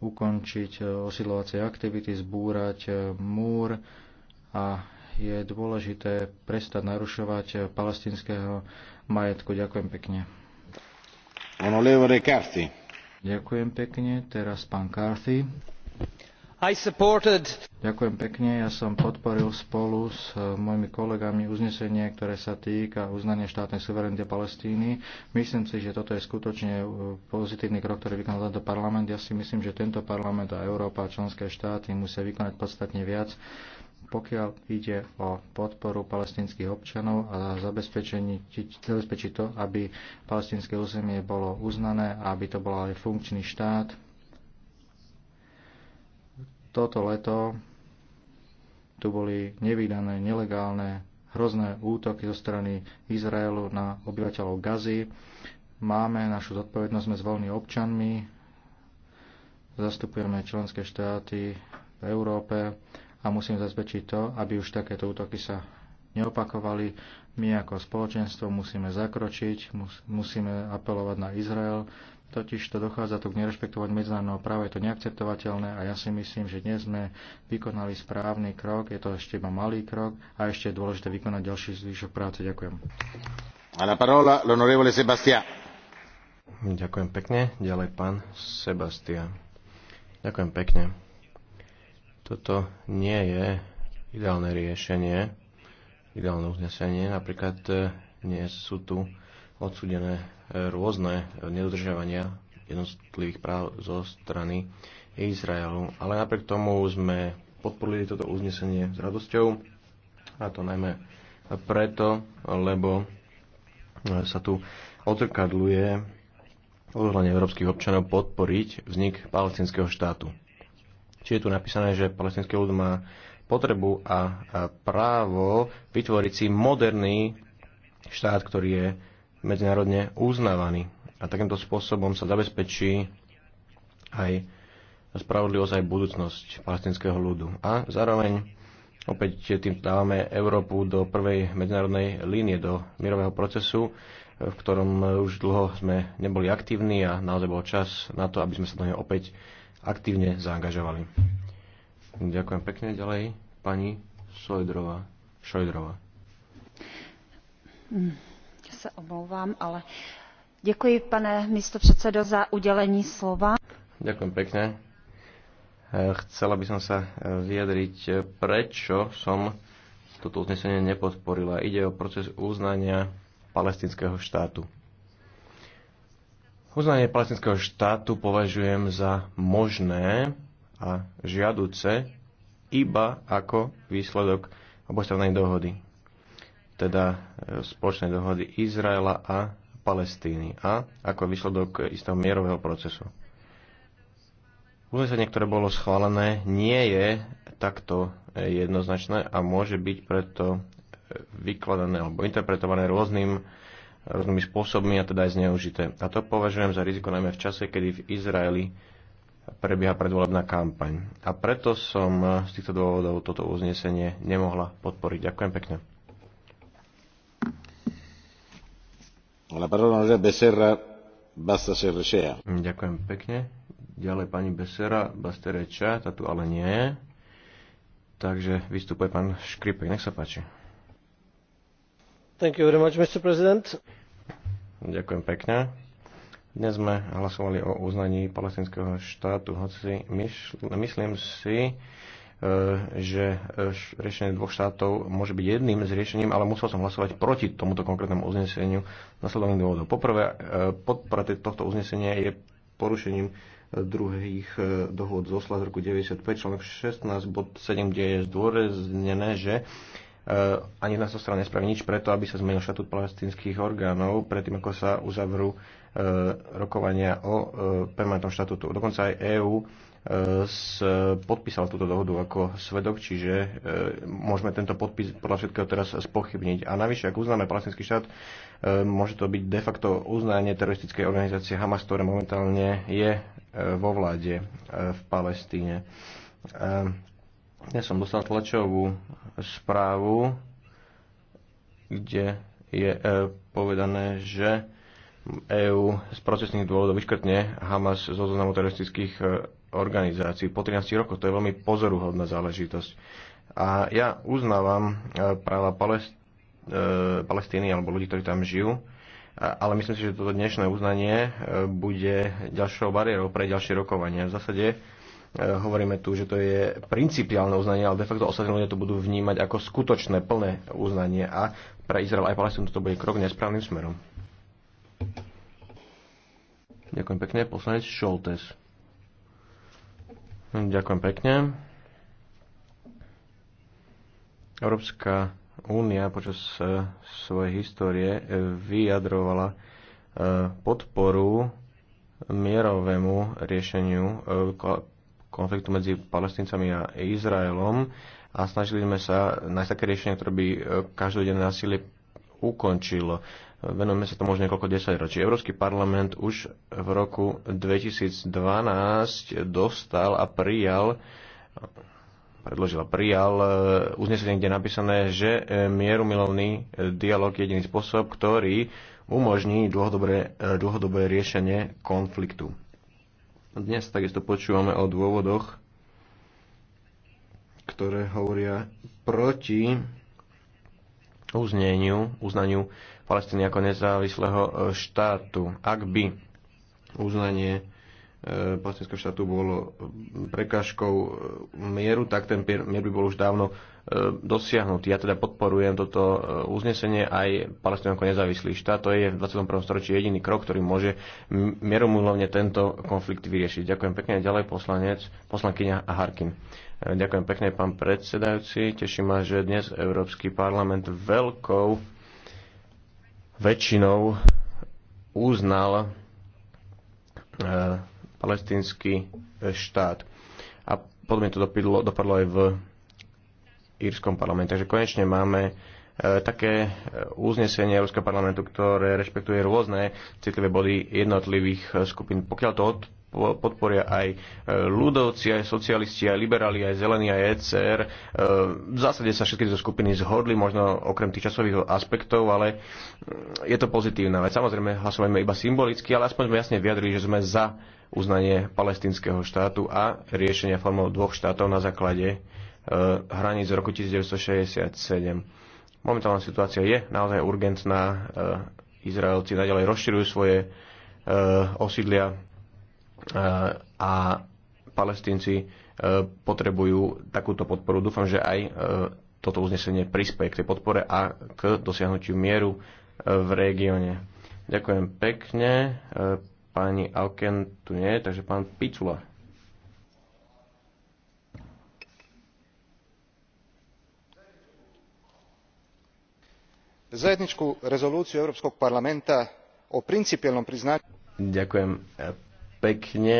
ukončiť e, osidlovacie aktivity, zbúrať e, múr a je dôležité prestať narušovať palestinského majetku. Ďakujem pekne. Ďakujem pekne. Teraz pán Carthy. Ďakujem pekne, ja som podporil spolu s eh, mojimi kolegami uznesenie, ktoré sa týka uznania štátnej suverenity Palestíny. Myslím si, že toto je skutočne eh, pozitívny krok, ktorý vykonal tento parlament. Ja si myslím, že tento parlament a Európa a členské štáty musia vykonať podstatne viac, pokiaľ ide o podporu palestinských občanov a zabezpečiť to, aby palestinské územie bolo uznané a aby to bol aj funkčný štát toto leto tu boli nevydané, nelegálne, hrozné útoky zo strany Izraelu na obyvateľov Gazy. Máme našu zodpovednosť, sme zvolení občanmi, zastupujeme členské štáty v Európe a musím zabezpečiť to, aby už takéto útoky sa neopakovali. My ako spoločenstvo musíme zakročiť, musíme apelovať na Izrael, Totiž to dochádza tu k nerešpektovať medzinárodného práva, je to neakceptovateľné a ja si myslím, že dnes sme vykonali správny krok, je to ešte iba malý krok a ešte je dôležité vykonať ďalší zvyšok práce. Ďakujem. A na parola l'onorevole Sebastia. Ďakujem pekne. Ďalej pán Sebastia. Ďakujem pekne. Toto nie je ideálne riešenie, ideálne uznesenie. Napríklad eh, nie sú tu odsudené e, rôzne e, nedodržiavania jednotlivých práv zo strany Izraelu. Ale napriek tomu sme podporili toto uznesenie s radosťou, a to najmä preto, lebo e, sa tu odrkadluje odhodlanie európskych občanov podporiť vznik palestinského štátu. Či je tu napísané, že palestinský ľud má potrebu a právo vytvoriť si moderný štát, ktorý je medzinárodne uznávaný A takýmto spôsobom sa zabezpečí aj spravodlivosť, aj budúcnosť palestinského ľudu. A zároveň opäť tým dávame Európu do prvej medzinárodnej línie, do mirového procesu, v ktorom už dlho sme neboli aktívni a naozaj bol čas na to, aby sme sa do neho opäť aktívne zaangažovali. Ďakujem pekne. Ďalej pani Sojdrova. Šojdrova. Mm se omlouvám, ale děkuji, pane místopředsedo, za udelení slova. Ďakujem pekne. E, chcela by som sa e, vyjadriť, e, prečo som toto uznesenie nepodporila. Ide o proces uznania palestinského štátu. Uznanie palestinského štátu považujem za možné a žiaduce iba ako výsledok obostrannej dohody teda e, spoločné dohody Izraela a Palestíny a ako výsledok istého mierového procesu. Uznesenie, ktoré bolo schválené, nie je takto e, jednoznačné a môže byť preto e, vykladané alebo interpretované rôznym, rôznymi spôsobmi a teda aj zneužité. A to považujem za riziko najmä v čase, kedy v Izraeli prebieha predvolebná kampaň. A preto som z týchto dôvodov toto uznesenie nemohla podporiť. Ďakujem pekne. Ďakujem pekne. Ďalej pani Besera Bastereča, tá tu ale nie je. Takže vystupuje pán Škripek, nech sa páči. Thank you very much, Mr. President. Ďakujem pekne. Dnes sme hlasovali o uznaní palestinského štátu, hoci myšl- myslím si, E, že e, riešenie dvoch štátov môže byť jedným z riešením, ale musel som hlasovať proti tomuto konkrétnemu uzneseniu nasledovných dôvodov. Poprvé, e, podpora tohto uznesenia je porušením druhých dohôd z Osla z roku 95, článok 16, bod 7, kde je zdôraznené, že ani na strana nespraví nič preto, aby sa zmenil štatút palestinských orgánov predtým, ako sa uzavrú rokovania o permanentnom štatútu. Dokonca aj EÚ s podpísal túto dohodu ako svedok, čiže e, môžeme tento podpis podľa všetkého teraz spochybniť. A navyše, ak uznáme palestinský štát, e, môže to byť de facto uznanie teroristickej organizácie Hamas, ktoré momentálne je e, vo vláde v Palestíne. Ja som dostal tlačovú správu, kde je povedané, že EÚ z procesných dôvodov vyškrtne Hamas zo zoznamu teroristických organizácií po 13 rokoch. To je veľmi pozoruhodná záležitosť. A ja uznávam e, práva Palest- e, Palestíny alebo ľudí, ktorí tam žijú, ale myslím si, že toto dnešné uznanie e, bude ďalšou bariérou pre ďalšie rokovania. V zásade hovoríme tu, že to je principiálne uznanie, ale de facto ostatní ľudia to budú vnímať ako skutočné, plné uznanie a pre Izrael aj Palestínu to bude krok nesprávnym smerom. Ďakujem pekne. Poslanec Šoltes. Ďakujem pekne. Európska únia počas e, svojej histórie e, vyjadrovala e, podporu mierovému riešeniu konfliktu medzi palestíncami a Izraelom a snažili sme sa nájsť také riešenie, ktoré by každodenné násilie ukončilo venujeme sa tomu už niekoľko desaťročí. Európsky parlament už v roku 2012 dostal a prijal predložil a prijal e, uznesenie, kde je napísané, že e, mierumilovný e, dialog je jediný spôsob, ktorý umožní dlhodobé, dlhodobé riešenie konfliktu. Dnes takisto počúvame o dôvodoch, ktoré hovoria proti uzneniu, uznaniu Palestíny ako nezávislého e, štátu. Ak by uznanie e, palestinského štátu bolo prekážkou e, mieru, tak ten mier by bol už dávno E, dosiahnutý. Ja teda podporujem toto e, uznesenie aj Palestínu ako nezávislý štát. To je v 21. storočí jediný krok, ktorý môže mieromulovne tento konflikt vyriešiť. Ďakujem pekne. Ďalej poslanec, poslankyňa Harkin. E, ďakujem pekne, pán predsedajúci. Teším ma, že dnes Európsky parlament veľkou väčšinou uznal palestínsky štát. A potom to dopadlo, dopadlo aj v írskom parlamente. Takže konečne máme e, také e, uznesenie Európskeho parlamentu, ktoré rešpektuje rôzne citlivé body jednotlivých e, skupín. Pokiaľ to podporia aj ľudovci, aj socialisti, aj liberáli, aj zelení, aj ECR. V zásade sa všetky tieto skupiny zhodli, možno okrem tých časových aspektov, ale mm, je to pozitívna vec. Samozrejme, hlasujeme iba symbolicky, ale aspoň sme jasne vyjadrili, že sme za uznanie palestinského štátu a riešenia formou dvoch štátov na základe Eh, hraníc z roku 1967. Momentálna situácia je naozaj urgentná. Eh, Izraelci nadalej rozširujú svoje eh, osídlia a palestínci potrebujú takúto podporu. Dúfam, že aj toto uznesenie prispieje k tej podpore a k dosiahnutiu mieru v regióne. Ďakujem pekne. Pani Alken tu nie, takže pán Picula. zajedničku rezolúciu Európskog parlamenta o principiálnom priznaní... Ďakujem e, pekne.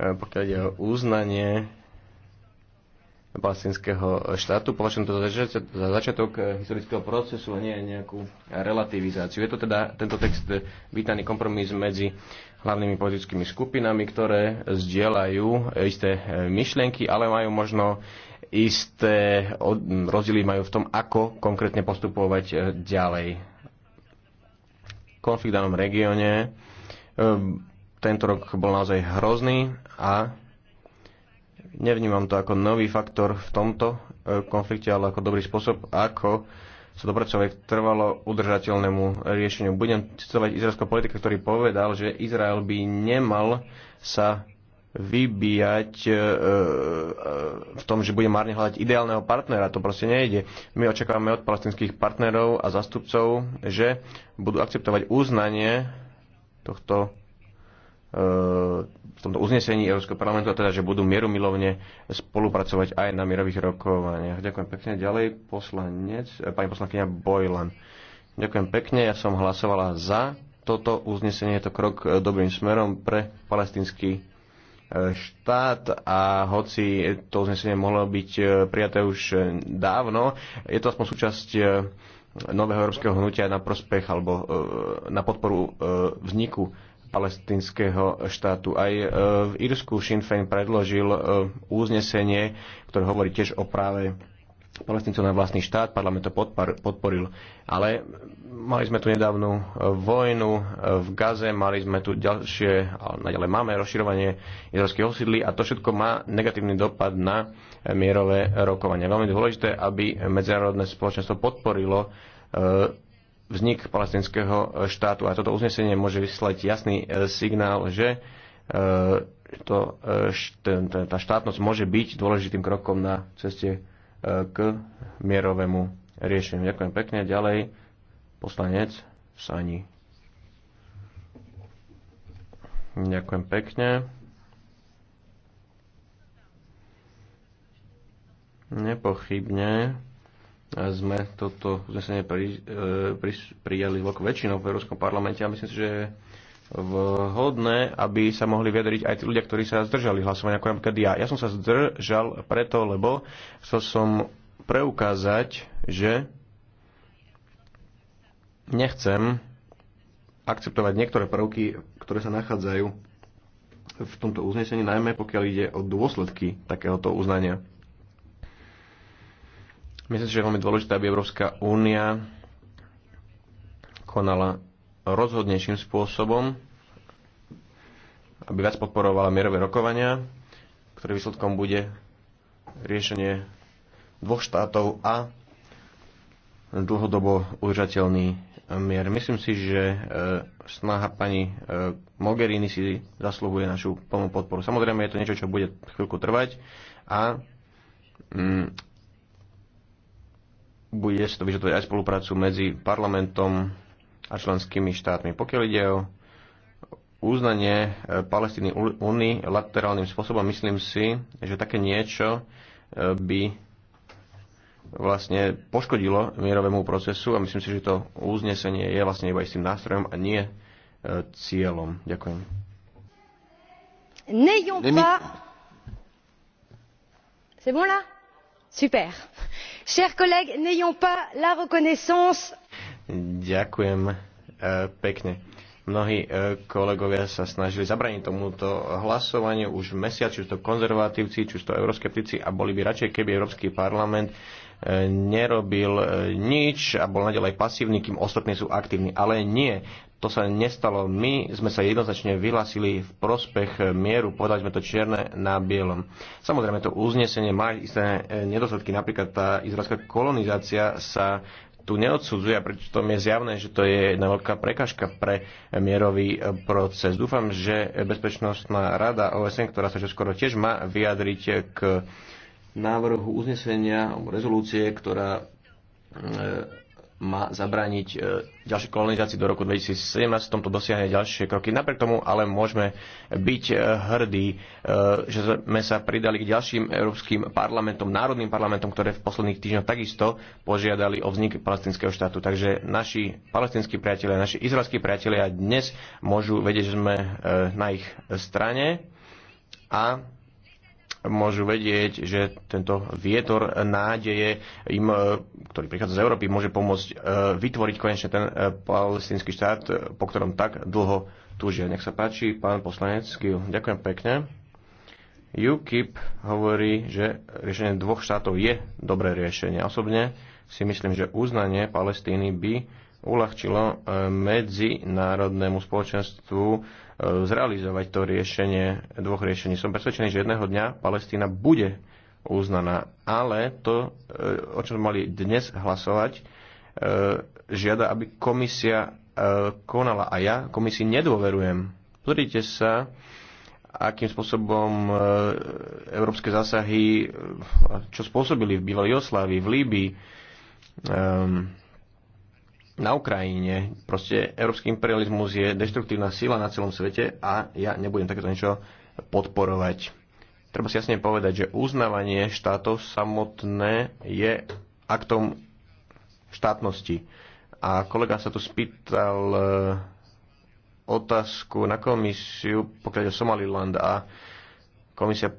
E, pokiaľ ide o uznanie palestinského štátu. Považujem to za začiatok e, historického procesu a nie nejakú relativizáciu. Je to teda tento text vítaný kompromis medzi hlavnými politickými skupinami, ktoré zdieľajú isté myšlienky, ale majú možno isté rozdiely majú v tom, ako konkrétne postupovať e, ďalej. Konflikt v danom regióne e, tento rok bol naozaj hrozný a nevnímam to ako nový faktor v tomto e, konflikte, ale ako dobrý spôsob, ako sa dopracovať k trvalo udržateľnému riešeniu. Budem citovať izraelského politika, ktorý povedal, že Izrael by nemal sa vybíjať e, e, v tom, že bude márne hľadať ideálneho partnera. To proste nejde. My očakávame od palestinských partnerov a zastupcov, že budú akceptovať uznanie tohto e, v tomto uznesení Európskeho parlamentu, a teda, že budú mierumilovne spolupracovať aj na mierových rokovaniach. Ďakujem pekne. Ďalej poslanec, pani poslankyňa Bojlan. Ďakujem pekne, ja som hlasovala za toto uznesenie, je to krok dobrým smerom pre palestinský štát a hoci to uznesenie mohlo byť e, prijaté už e, dávno, je to aspoň súčasť e, nového európskeho hnutia na prospech alebo na podporu vzniku palestinského štátu. Aj v Irsku Sinn Féin predložil uznesenie, ktoré hovorí tiež o práve palestíncov na vlastný štát, parlament to podporil. Ale mali sme tu nedávnu e, vojnu e, v Gaze, mali sme tu ďalšie, ale naďalej máme rozširovanie izraelských osídlí a to všetko má negatívny dopad na e, mierové rokovanie. Veľmi dôležité, aby medzinárodné spoločenstvo podporilo vznik palestinského štátu a toto uznesenie môže vyslať jasný signál, že to, tá štátnosť môže byť dôležitým krokom na ceste k mierovému riešeniu. Ďakujem pekne. Ďalej poslanec Sani. Ďakujem pekne. Nepochybne sme toto uznesenie pri, e, pri, prijali veľkou väčšinou v Európskom parlamente a myslím si, že vhodné, aby sa mohli vyjadriť aj tí ľudia, ktorí sa zdržali hlasovania, ako napríklad ja. Ja som sa zdržal preto, lebo chcel som preukázať, že nechcem akceptovať niektoré prvky, ktoré sa nachádzajú v tomto uznesení, najmä pokiaľ ide o dôsledky takéhoto uznania. Myslím si, že je veľmi dôležité, aby Európska únia konala rozhodnejším spôsobom, aby viac podporovala mierové rokovania, ktoré výsledkom bude riešenie dvoch štátov a dlhodobo udržateľný mier. Myslím si, že e, snaha pani e, Mogherini si zaslúhuje našu plnú podporu. Samozrejme je to niečo, čo bude chvíľku trvať a mm, bude to vyžadovať aj spoluprácu medzi parlamentom, a členskými štátmi. Pokiaľ ide o uznanie e, Palestíny laterálnym spôsobom, myslím si, že také niečo e, by vlastne poškodilo mierovému procesu a myslím si, že to uznesenie je vlastne iba istým nástrojom a nie e, cieľom. Ďakujem. N'ayons pas... C'est bon là Super. Chers collègues, n'ayons pas la reconnaissance Ďakujem e, pekne. Mnohí e, kolegovia sa snažili zabraniť tomuto hlasovaniu už mesiac, či už to konzervatívci, či už to euroskeptici a boli by radšej, keby Európsky parlament e, nerobil nič a bol nadalej pasívny, kým ostatní sú aktívni. Ale nie, to sa nestalo. My sme sa jednoznačne vyhlasili v prospech mieru, povedali sme to čierne na bielom. Samozrejme, to uznesenie má isté nedostatky. Napríklad tá izraelská kolonizácia sa tu neodsudzuje a pritom je zjavné, že to je jedna veľká prekažka pre mierový e, proces. Dúfam, že Bezpečnostná rada OSN, ktorá sa skoro tiež má vyjadriť k návrhu uznesenia rezolúcie, ktorá e, má zabrániť e, ďalšej kolonizácii do roku 2017, v tomto dosiahne ďalšie kroky. Napriek tomu ale môžeme byť e, hrdí, e, že sme sa pridali k ďalším európskym parlamentom, národným parlamentom, ktoré v posledných týždňoch takisto požiadali o vznik palestinského štátu. Takže naši palestinskí priatelia, naši izraelskí priatelia dnes môžu vedieť, že sme na ich strane a môžu vedieť, že tento vietor nádeje im, e, ktorý prichádza z Európy, môže pomôcť e, vytvoriť konečne ten e, palestinský štát, po ktorom tak dlho túžia. Nech sa páči, pán poslanec Gil. Ďakujem pekne. UKIP hovorí, že riešenie dvoch štátov je dobré riešenie. Osobne si myslím, že uznanie Palestíny by uľahčilo medzinárodnému spoločenstvu zrealizovať to riešenie dvoch riešení. Som presvedčený, že jedného dňa Palestína bude uznaná, ale to, e, o čom mali dnes hlasovať, e, žiada, aby komisia e, konala a ja komisii nedôverujem. Pozrite sa, akým spôsobom európske zásahy, čo spôsobili v bývalej Joslávii, v Líbii, ehm, na Ukrajine. Proste európsky imperializmus je deštruktívna sila na celom svete a ja nebudem takéto niečo podporovať. Treba si jasne povedať, že uznávanie štátov samotné je aktom štátnosti. A kolega sa tu spýtal e, otázku na komisiu, pokiaľ je Somaliland a komisia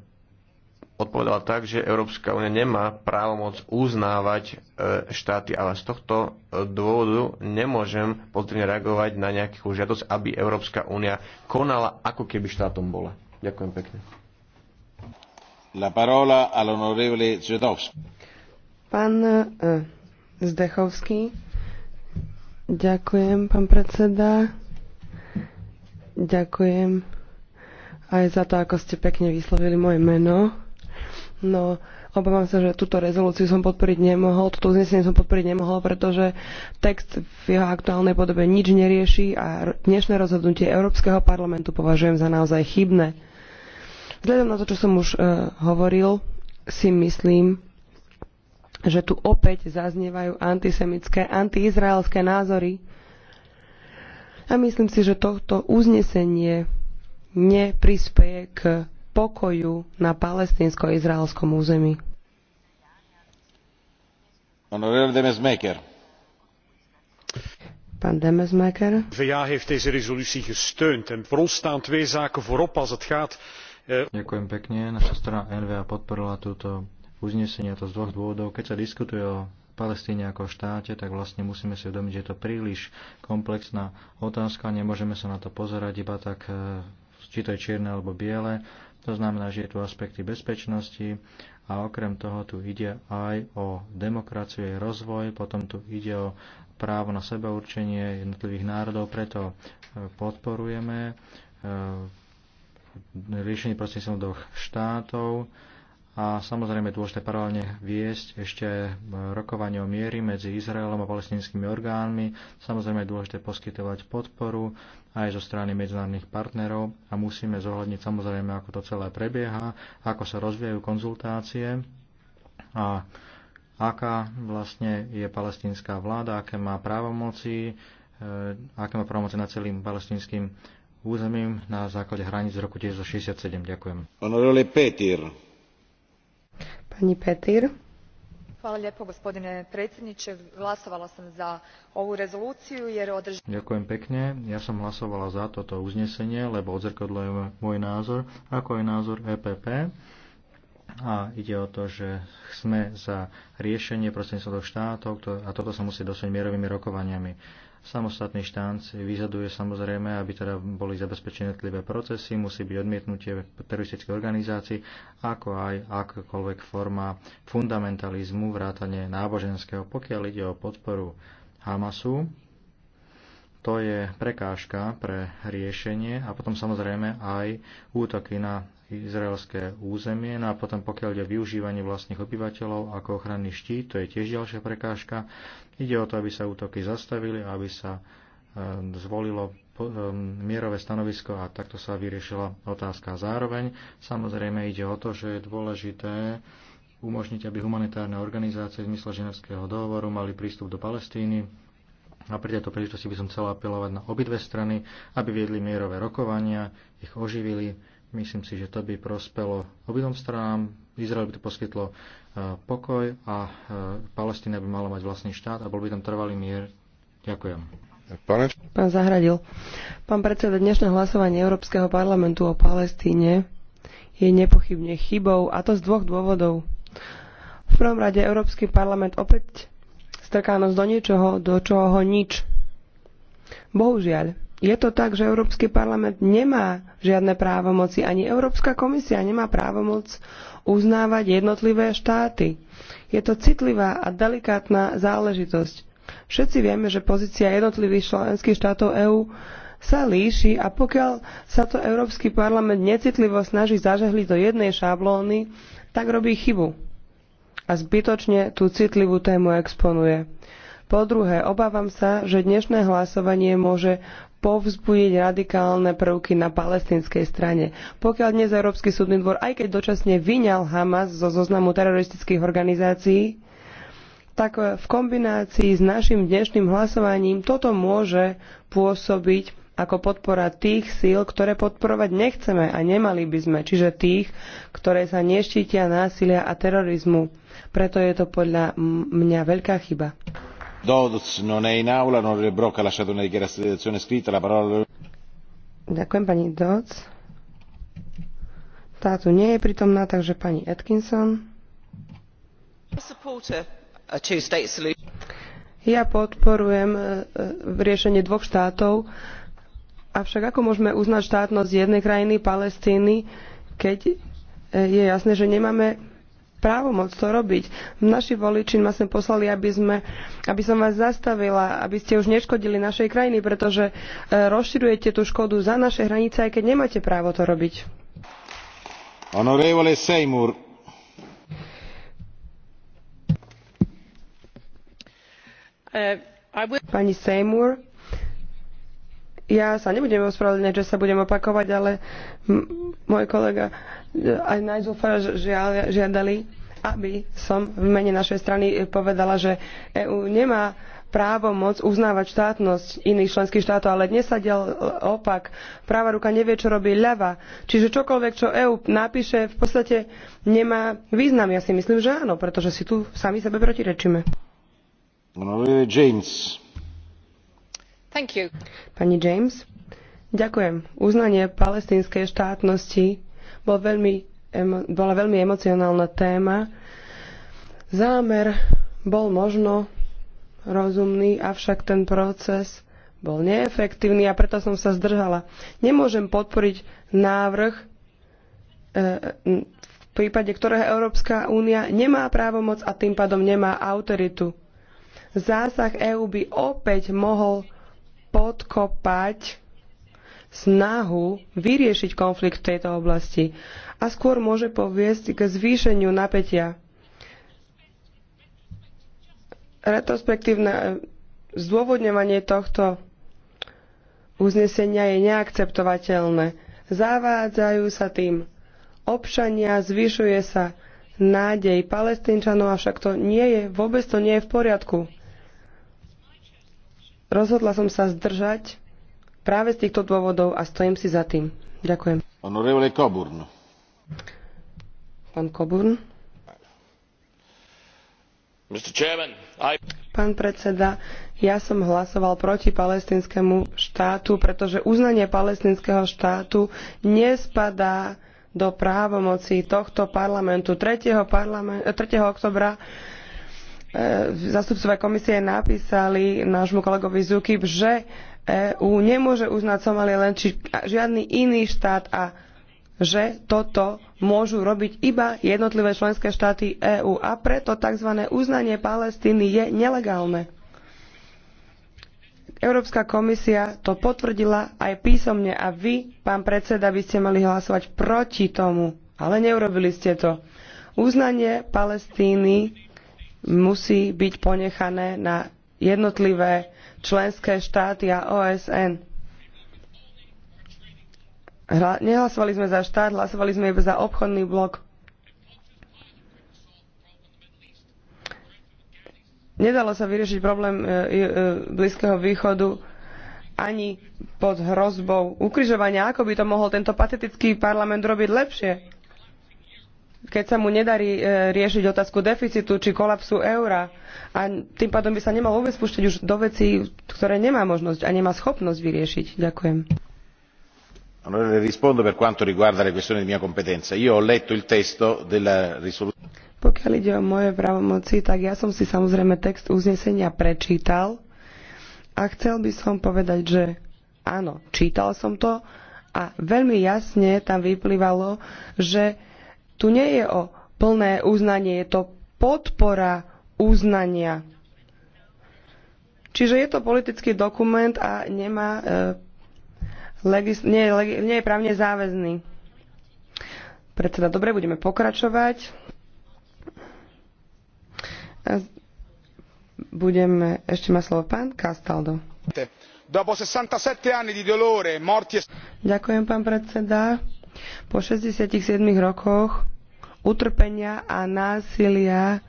odpovedala tak, že Európska únia nemá právomoc uznávať e, štáty, ale z tohto e, dôvodu nemôžem pozitívne reagovať na nejakú žiadosť, aby Európska únia konala, ako keby štátom bola. Ďakujem pekne. La parola all'onorevole Zdechovský. Pán eh, Zdechovský. Ďakujem, pán predseda. Ďakujem aj za to, ako ste pekne vyslovili moje meno. No, obávam sa, že túto rezolúciu som podporiť nemohol, toto uznesenie som podporiť nemohol, pretože text v jeho aktuálnej podobe nič nerieši a dnešné rozhodnutie Európskeho parlamentu považujem za naozaj chybné. Vzhľadom na to, čo som už e, hovoril, si myslím, že tu opäť zaznievajú antisemické, antiizraelské názory a myslím si, že tohto uznesenie neprispieje k pokoju na palestínsko-izraelskom území. Pán Demesmaker. VA heeft deze resolutie gesteund en voor ons staan twee zaken voorop als het gaat... Eh, Ďakujem pekne. Naša strana NVA podporila túto uznesenie to z dvoch dôvodov. Keď sa diskutuje o Palestíne ako štáte, tak vlastne musíme si uvedomiť, že je to príliš komplexná otázka, nemôžeme sa na to pozerať iba tak eh, či to je čierne alebo biele. To znamená, že je tu aspekty bezpečnosti a okrem toho tu ide aj o demokraciu, jej rozvoj, potom tu ide o právo na sebeurčenie jednotlivých národov, preto e, podporujeme e, riešenie prostredníctvom dvoch štátov, a samozrejme je dôležité paralelne viesť ešte e, rokovanie o miery medzi Izraelom a palestinskými orgánmi. Samozrejme je dôležité poskytovať podporu aj zo strany medzinárodných partnerov a musíme zohľadniť samozrejme, ako to celé prebieha, ako sa rozvíjajú konzultácie a aká vlastne je palestinská vláda, aké má právomoci, e, aké má právomoci na celým palestinským územím na základe hraníc z roku 1967. Ďakujem. Honorable Petir gospodine sam za ovu jer Ďakujem pekne. Ja som hlasovala za toto uznesenie, lebo odzrkadlo je môj názor, ako je názor EPP. A ide o to, že sme za riešenie prostredníctvom štátov a toto sa musí dosať mierovými rokovaniami. Samostatný štán vyžaduje samozrejme, aby teda boli zabezpečené tlivé procesy, musí byť odmietnutie teroristickej organizácii, ako aj akákoľvek forma fundamentalizmu, vrátane náboženského, pokiaľ ide o podporu Hamasu. To je prekážka pre riešenie a potom samozrejme aj útoky na izraelské územie. No a potom pokiaľ ide využívanie vlastných obyvateľov ako ochranný štít, to je tiež ďalšia prekážka. Ide o to, aby sa útoky zastavili, aby sa e, zvolilo e, mierové stanovisko a takto sa vyriešila otázka. Zároveň samozrejme ide o to, že je dôležité umožniť, aby humanitárne organizácie v zmysle ženevského dohovoru mali prístup do Palestíny. A pri tejto príležitosti by som chcel apelovať na obidve strany, aby viedli mierové rokovania, ich oživili Myslím si, že to by prospelo obidvom stranám. Izrael by to poskytlo e, pokoj a e, Palestína by mala mať vlastný štát a bol by tam trvalý mier. Ďakujem. Pane... Pán Zahradil. Pán predseda, dnešné hlasovanie Európskeho parlamentu o Palestíne je nepochybne chybou, a to z dvoch dôvodov. V prvom rade Európsky parlament opäť strká nos do niečoho, do čoho nič. Bohužiaľ, je to tak, že Európsky parlament nemá žiadne právomoci, ani Európska komisia nemá právomoc uznávať jednotlivé štáty. Je to citlivá a delikátna záležitosť. Všetci vieme, že pozícia jednotlivých členských štátov EÚ sa líši a pokiaľ sa to Európsky parlament necitlivo snaží zažehliť do jednej šablóny, tak robí chybu a zbytočne tú citlivú tému exponuje. Po druhé, obávam sa, že dnešné hlasovanie môže povzbudiť radikálne prvky na palestinskej strane. Pokiaľ dnes Európsky súdny dvor, aj keď dočasne vyňal Hamas zo zoznamu teroristických organizácií, tak v kombinácii s našim dnešným hlasovaním toto môže pôsobiť ako podpora tých síl, ktoré podporovať nechceme a nemali by sme, čiže tých, ktoré sa neštítia násilia a terorizmu. Preto je to podľa mňa veľká chyba. Ďakujem pani Dodds. Tá tu nie je prítomná, takže pani Atkinson. Ja podporujem e, e, riešenie dvoch štátov, avšak ako môžeme uznať štátnosť jednej krajiny, Palestíny, keď e, je jasné, že nemáme právomoc to robiť. Naši voliči ma sem poslali, aby, sme, aby som vás zastavila, aby ste už neškodili našej krajiny, pretože e, rozširujete tú škodu za naše hranice, aj keď nemáte právo to robiť. Honorevole Seymour. E, Pani Seymour, ja sa nebudem ospravedlňovať, že sa budem opakovať, ale môj kolega aj najzúfaj žiadali, aby som v mene našej strany eh, povedala, že EÚ nemá právo moc uznávať štátnosť iných členských štátov, ale dnes sa diel eh, opak. Práva ruka nevie, čo robí ľava. Čiže čokoľvek, čo EÚ napíše, v podstate nemá význam. Ja si myslím, že áno, pretože si tu sami sebe protirečíme. James. Pani James, ďakujem. Uznanie palestínskej štátnosti bol veľmi, bola veľmi emocionálna téma. Zámer bol možno rozumný, avšak ten proces bol neefektívny a preto som sa zdržala. Nemôžem podporiť návrh, e, v prípade ktorého Európska únia nemá právomoc a tým pádom nemá autoritu. Zásah EÚ by opäť mohol podkopať snahu vyriešiť konflikt v tejto oblasti a skôr môže poviesť k zvýšeniu napätia. Retrospektívne zdôvodňovanie tohto uznesenia je neakceptovateľné. Zavádzajú sa tým občania, zvyšuje sa nádej palestínčanov, avšak to nie je, vôbec to nie je v poriadku. Rozhodla som sa zdržať práve z týchto dôvodov a stojím si za tým. Ďakujem. Honorevole Coburn. Pán Coburn. Pán predseda, ja som hlasoval proti palestinskému štátu, pretože uznanie palestinského štátu nespadá do právomoci tohto parlamentu. 3. Parlament, 3. oktobra e, eh, zastupcové komisie napísali nášmu kolegovi Zukib, že EÚ nemôže uznať Somália len či žiadny iný štát a že toto môžu robiť iba jednotlivé členské štáty EÚ a preto tzv. uznanie Palestíny je nelegálne. Európska komisia to potvrdila aj písomne a vy, pán predseda, by ste mali hlasovať proti tomu, ale neurobili ste to. Uznanie Palestíny musí byť ponechané na jednotlivé členské štáty a OSN. Hla, nehlasovali sme za štát, hlasovali sme iba za obchodný blok. Nedalo sa vyriešiť problém e, e, e, Blízkeho východu ani pod hrozbou ukrižovania. Ako by to mohol tento patetický parlament robiť lepšie? Keď sa mu nedarí riešiť otázku deficitu či kolapsu eura, a tým pádom by sa nemal vôbec spúšťať už do vecí, ktoré nemá možnosť a nemá schopnosť vyriešiť. Ďakujem. Onorevole, rispondo per quanto riguarda le questioni di mia competenza. Io ho letto il testo della risoluzione. Pokiaľ ide o moje právomoci, tak ja som si samozrejme text uznesenia prečítal a chcel by som povedať, že áno, čítal som to a veľmi jasne tam vyplývalo, že tu nie je o plné uznanie, je to podpora uznania. Čiže je to politický dokument a nemá, e, legis- nie, je, legi- nie je právne záväzný. Predseda, dobre, budeme pokračovať. Budeme, ešte má slovo pán Castaldo. E Ďakujem, pán predseda. Po 67 rokoch utrpenia a násilia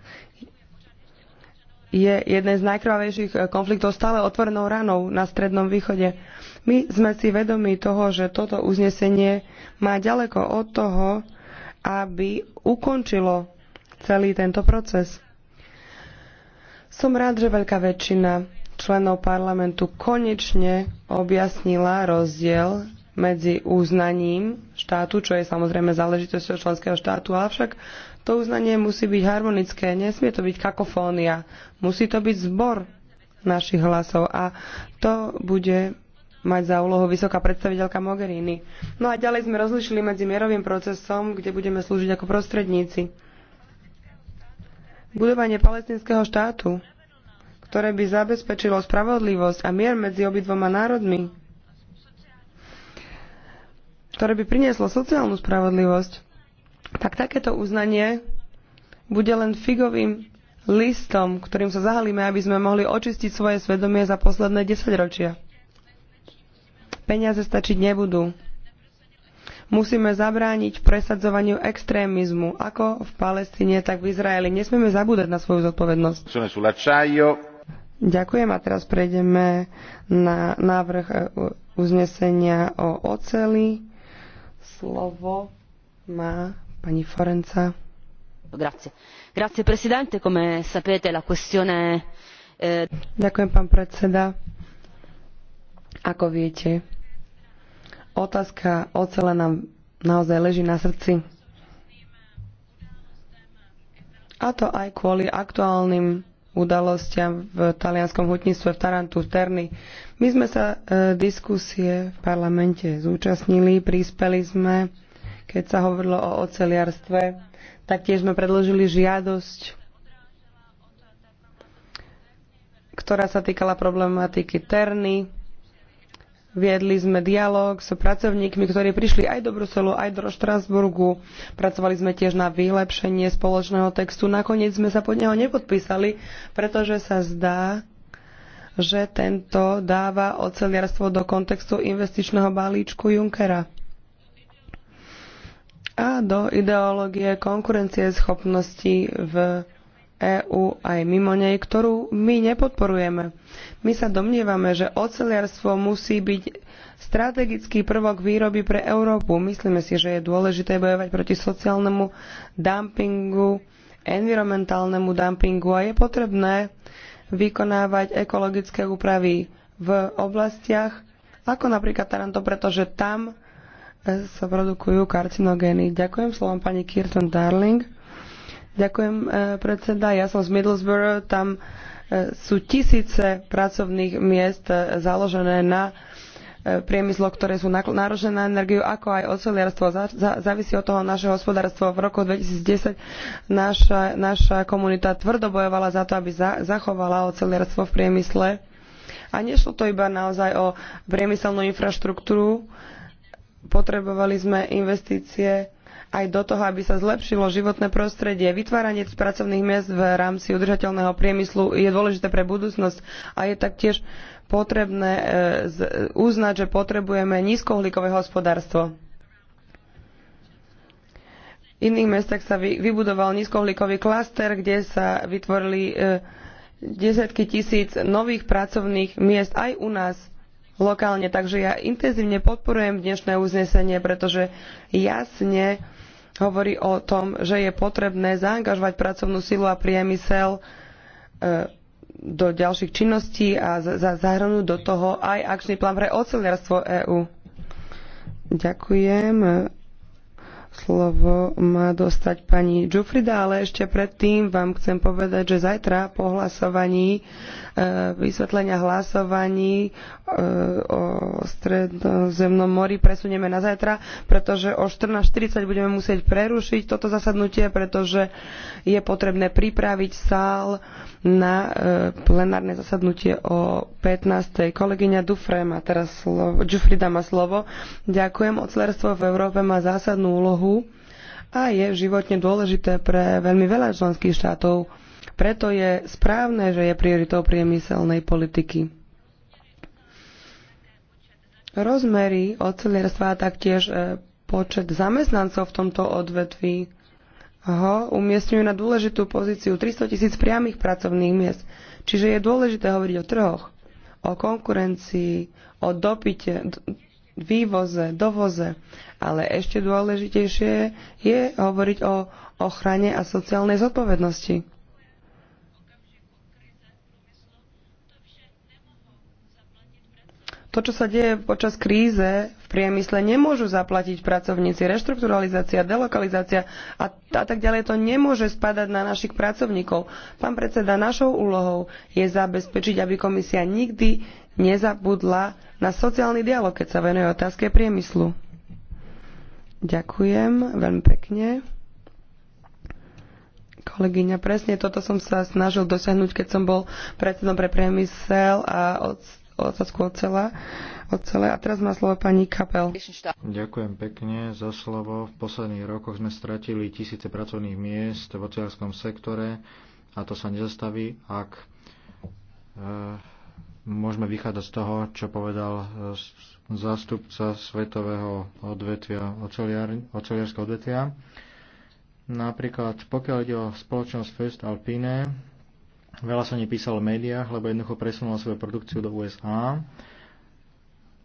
je jeden z najkrvavejších eh, konfliktov stále otvorenou ranou na Strednom východe. My sme si vedomi toho, že toto uznesenie má ďaleko od toho, aby ukončilo celý tento proces. Som rád, že veľká väčšina členov parlamentu konečne objasnila rozdiel medzi uznaním štátu, čo je samozrejme záležitosťou členského štátu, avšak to uznanie musí byť harmonické, nesmie to byť kakofónia. Musí to byť zbor našich hlasov a to bude mať za úlohu vysoká predstaviteľka Mogherini. No a ďalej sme rozlišili medzi mierovým procesom, kde budeme slúžiť ako prostredníci. Budovanie palestinského štátu, ktoré by zabezpečilo spravodlivosť a mier medzi obidvoma národmi, ktoré by prinieslo sociálnu spravodlivosť tak takéto uznanie bude len figovým listom, ktorým sa zahalíme, aby sme mohli očistiť svoje svedomie za posledné desaťročia. Peniaze stačiť nebudú. Musíme zabrániť presadzovaniu extrémizmu, ako v Palestíne, tak v Izraeli. Nesmieme zabúdať na svoju zodpovednosť. Ďakujem a teraz prejdeme na návrh uznesenia o oceli. Slovo má Pani Forenza. Eh, Ďakujem, pán predseda. Ako viete, otázka ocele nám naozaj leží na srdci. A to aj kvôli aktuálnym udalostiam v talianskom hutníctve v Tarantu, v Terni. My sme sa e, diskusie v parlamente zúčastnili, prispeli sme keď sa hovorilo o oceliarstve. tak tiež sme predložili žiadosť, ktorá sa týkala problematiky Terny. Viedli sme dialog s pracovníkmi, ktorí prišli aj do Bruselu, aj do Štrasburgu. Pracovali sme tiež na vylepšenie spoločného textu. Nakoniec sme sa pod neho nepodpísali, pretože sa zdá, že tento dáva oceliarstvo do kontextu investičného balíčku Junckera a do ideológie konkurencie schopnosti v EÚ aj mimo nej, ktorú my nepodporujeme. My sa domnievame, že oceliarstvo musí byť strategický prvok výroby pre Európu. Myslíme si, že je dôležité bojovať proti sociálnemu dumpingu, environmentálnemu dumpingu a je potrebné vykonávať ekologické úpravy v oblastiach, ako napríklad Taranto, pretože tam sa produkujú karcinogény. Ďakujem slovom pani Kirton Darling. Ďakujem, e, predseda. Ja som z Middlesbrough. Tam e, sú tisíce pracovných miest e, založené na priemyslo, ktoré sú náročné na energiu, ako aj oceliarstvo. Závisí od toho naše hospodárstvo. V roku 2010 naša, naša komunita tvrdo bojovala za to, aby za, zachovala oceliarstvo v priemysle. A nešlo to iba naozaj o priemyselnú infraštruktúru, Potrebovali sme investície aj do toho, aby sa zlepšilo životné prostredie. Vytváranie pracovných miest v rámci udržateľného priemyslu je dôležité pre budúcnosť a je taktiež potrebné e, uznať, že potrebujeme nízkouhlíkové hospodárstvo. V iných mestách sa vybudoval nízkouhlíkový klaster, kde sa vytvorili e, desiatky tisíc nových pracovných miest aj u nás lokálne. Takže ja intenzívne podporujem dnešné uznesenie, pretože jasne hovorí o tom, že je potrebné zaangažovať pracovnú silu a priemysel e, do ďalších činností a zahrnúť do toho aj akčný plán pre oceliarstvo EÚ. Ďakujem. Slovo má dostať pani Džufrida, ale ešte predtým vám chcem povedať, že zajtra po hlasovaní vysvetlenia hlasovaní e, o stredozemnom mori presunieme na zajtra, pretože o 14.40 budeme musieť prerušiť toto zasadnutie, pretože je potrebné pripraviť sál na e, plenárne zasadnutie o 15. Kolegyňa Dufre má teraz slovo, Džufrida má slovo. Ďakujem, ocelárstvo v Európe má zásadnú úlohu a je životne dôležité pre veľmi veľa členských štátov preto je správne, že je prioritou priemyselnej politiky. Rozmery ocelierstva a taktiež e, počet zamestnancov v tomto odvetví ho umiestňujú na dôležitú pozíciu 300 tisíc priamých pracovných miest. Čiže je dôležité hovoriť o trhoch, o konkurencii, o dopite, vývoze, dovoze. Ale ešte dôležitejšie je hovoriť o ochrane a sociálnej zodpovednosti. to, čo sa deje počas kríze v priemysle, nemôžu zaplatiť pracovníci. Reštrukturalizácia, delokalizácia a, a tak ďalej to nemôže spadať na našich pracovníkov. Pán predseda, našou úlohou je zabezpečiť, aby komisia nikdy nezabudla na sociálny dialog, keď sa venuje otázke priemyslu. Ďakujem veľmi pekne. Kolegyňa, presne toto som sa snažil dosiahnuť, keď som bol predsedom pre priemysel a od otázku Od celé. A teraz má slovo pani Kapel. Ďakujem pekne za slovo. V posledných rokoch sme stratili tisíce pracovných miest v oceľskom sektore a to sa nezastaví, ak e, môžeme vychádzať z toho, čo povedal e, zástupca svetového odvetvia, oceliar, oceliarského odvetvia. Napríklad, pokiaľ ide o spoločnosť First Alpine, Veľa sa nepísal v médiách, lebo jednoducho presunula svoju produkciu do USA.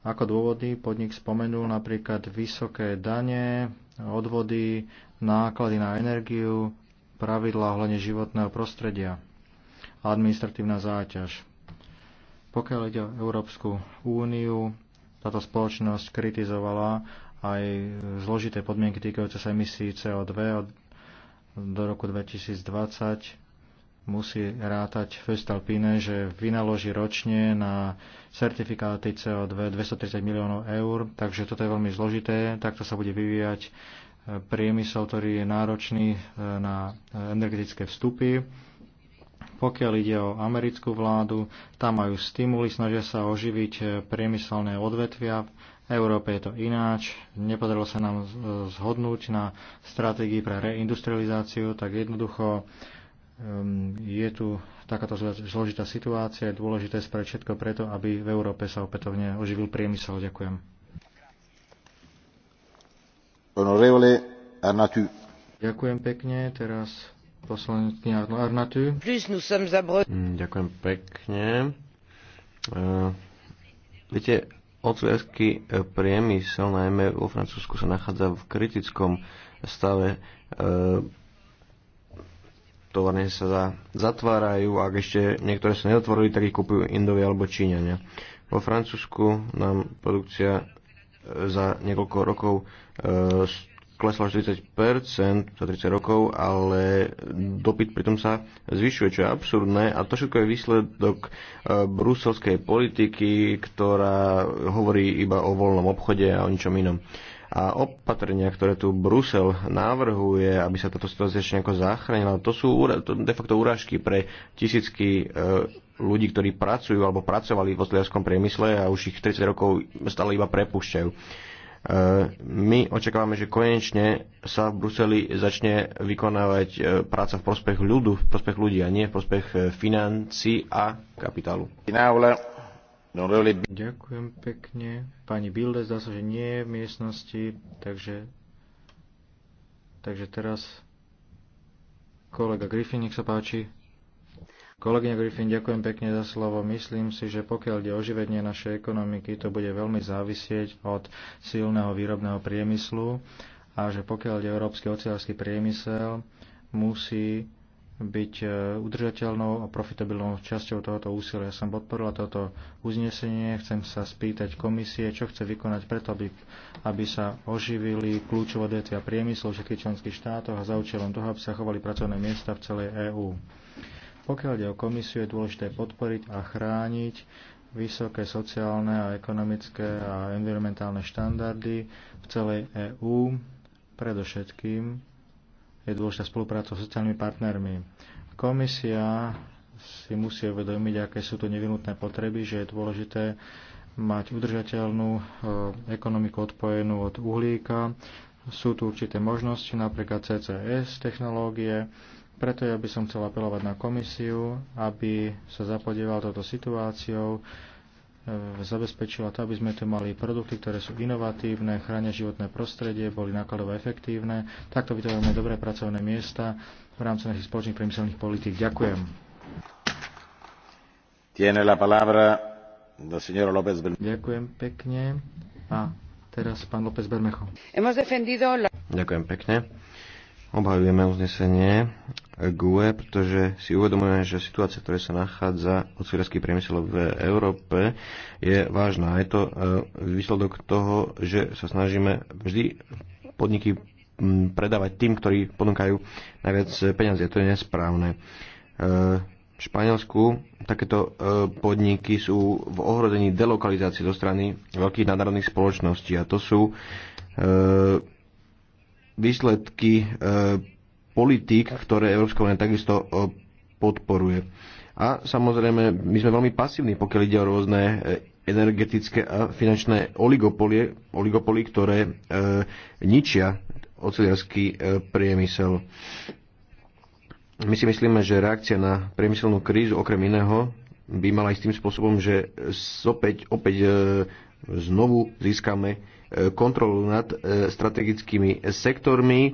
Ako dôvody podnik spomenul napríklad vysoké dane, odvody, náklady na energiu, pravidlá ohľadne životného prostredia a administratívna záťaž. Pokiaľ ide o Európsku úniu, táto spoločnosť kritizovala aj zložité podmienky týkajúce sa emisí CO2 do roku 2020 musí rátať Festalpine, že vynaloží ročne na certifikáty CO2 230 miliónov eur, takže toto je veľmi zložité, takto sa bude vyvíjať e, priemysel, ktorý je náročný e, na energetické vstupy. Pokiaľ ide o americkú vládu, tam majú stimuly, snažia sa oživiť e, priemyselné odvetvia. V Európe je to ináč. Nepodarilo sa nám zhodnúť na stratégii pre reindustrializáciu, tak jednoducho Ehm, je tu takáto zložitá situácia, je dôležité spraviť všetko preto, aby v Európe sa opätovne oživil priemysel. Ďakujem. Ďakujem pekne. Teraz poslanecký Arnatu. Mm, ďakujem pekne. Uh, viete, oceliarský e, priemysel, najmä vo Francúzsku, sa nachádza v kritickom stave. Uh, továrne sa za, zatvárajú, ak ešte niektoré sa neotvorili, tak ich kupujú Indovia alebo Číňania. Vo Francúzsku nám produkcia e, za niekoľko rokov e, klesla 40% za 30 rokov, ale dopyt pritom sa zvyšuje, čo je absurdné a to všetko je výsledok e, bruselskej politiky, ktorá hovorí iba o voľnom obchode a o ničom inom. A opatrenia, ktoré tu Brusel navrhuje, aby sa táto situácia ešte nejako zachránila, to sú de facto úražky pre tisícky e, ľudí, ktorí pracujú alebo pracovali v ostliarskom priemysle a už ich 30 rokov stále iba prepúšťajú. E, my očakávame, že konečne sa v Bruseli začne vykonávať e, práca v prospech ľudu, v prospech ľudí a nie v prospech financí a kapitálu. No, ďakujem pekne. Pani Bilde, zdá sa, že nie je v miestnosti, takže, takže teraz kolega Griffin, nech sa páči. Kolegyňa Griffin, ďakujem pekne za slovo. Myslím si, že pokiaľ ide o živenie našej ekonomiky, to bude veľmi závisieť od silného výrobného priemyslu a že pokiaľ ide o európsky oceársky priemysel, musí byť e, udržateľnou a profitabilnou časťou tohoto úsilia. Ja Som podporila toto uznesenie, chcem sa spýtať komisie, čo chce vykonať preto, aby, aby sa oživili kľúčové odvetvia priemyslu v všetkých členských štátoch a za účelom toho, aby sa chovali pracovné miesta v celej EÚ. Pokiaľ ide o komisiu, je dôležité podporiť a chrániť vysoké sociálne a ekonomické a environmentálne štandardy v celej EÚ, predovšetkým je dôležitá spolupráca s sociálnymi partnermi. Komisia si musí uvedomiť, aké sú to nevinutné potreby, že je dôležité mať udržateľnú e, ekonomiku odpojenú od uhlíka. Sú tu určité možnosti, napríklad CCS technológie. Preto ja by som chcel apelovať na komisiu, aby sa zapodieval toto situáciou, zabezpečila to, aby sme tu mali produkty, ktoré sú inovatívne, chránia životné prostredie, boli nákladovo efektívne. Takto vytvárame dobré pracovné miesta v rámci našich spoločných priemyselných politík. Ďakujem. Tiene la palabra do señor López Bermejo. Ďakujem pekne. A teraz pán López Bermejo. Ďakujem pekne. Obhajujeme uznesenie GUE, pretože si uvedomujeme, že situácia, ktorá sa nachádza ocelierský priemysel v Európe, je vážna. Je to e, výsledok toho, že sa snažíme vždy podniky predávať tým, ktorí ponúkajú najviac peniazy. To je nesprávne. E, v Španielsku takéto e, podniky sú v ohrození delokalizácie zo strany veľkých nadnárodných spoločností a to sú výsledky politík, ktoré Európska únia takisto e, podporuje. A samozrejme, my sme veľmi pasívni, pokiaľ ide o rôzne e, energetické a finančné oligopolie, oligopoly, ktoré e, ničia oceliarský e, priemysel. My si myslíme, že reakcia na priemyselnú krízu okrem iného by mala ísť tým spôsobom, že opäť, opäť e, znovu získame e, kontrolu nad strategickými sektormi. E,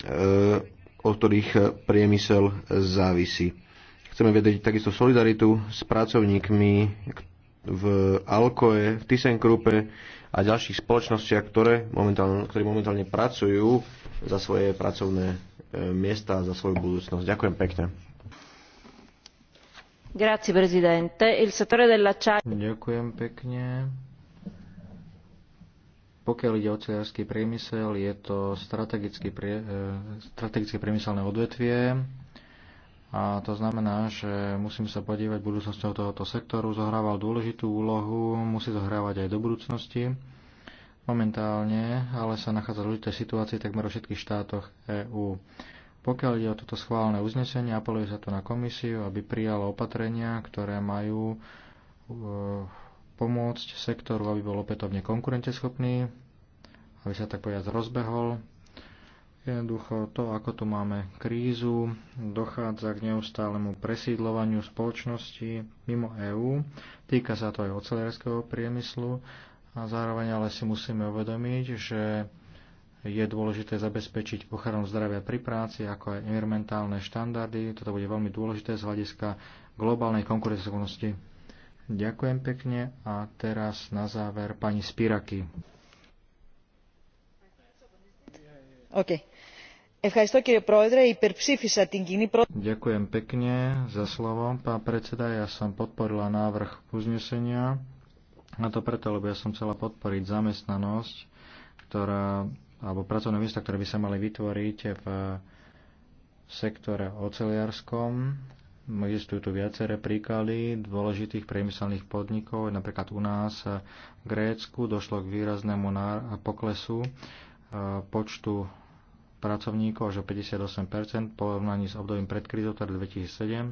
E, od ktorých priemysel závisí. Chceme vedieť takisto solidaritu s pracovníkmi v Alkoe, v ThyssenKruppe a ďalších spoločnostiach, ktoré momentálne, ktorí momentálne pracujú za svoje pracovné e, miesta a za svoju budúcnosť. Ďakujem pekne. Grazie, Ďakujem pekne. Pokiaľ ide o celiarský priemysel, je to strategické prie, e, strategické priemyselné odvetvie a to znamená, že musíme sa podívať budúcnosťou tohoto sektoru. Zohrával dôležitú úlohu, musí zohrávať aj do budúcnosti. Momentálne ale sa nachádza v zložitej situácii takmer vo všetkých štátoch EÚ. Pokiaľ ide o toto schválené uznesenie, apeluje sa to na komisiu, aby prijala opatrenia, ktoré majú e, pomôcť sektoru, aby bol opätovne konkurenteschopný, aby sa tak povedať rozbehol. Jednoducho to, ako tu máme krízu, dochádza k neustálemu presídlovaniu spoločnosti mimo EÚ, týka sa to aj ocelárskeho priemyslu a zároveň ale si musíme uvedomiť, že je dôležité zabezpečiť ochranu zdravia pri práci, ako aj environmentálne štandardy. Toto bude veľmi dôležité z hľadiska globálnej konkurenceschopnosti Ďakujem pekne a teraz na záver pani Spiraky. Okay. Ďakujem pekne za slovo, pán predseda. Ja som podporila návrh uznesenia, a to preto, lebo ja som chcela podporiť zamestnanosť, ktorá, alebo pracovné miesta, ktoré by sa mali vytvoriť v sektore oceliarskom. Existujú tu viaceré príklady dôležitých priemyselných podnikov. Napríklad u nás v Grécku došlo k výraznému poklesu e, počtu pracovníkov až o 58% v porovnaní s obdobím pred krízou, teda 2007.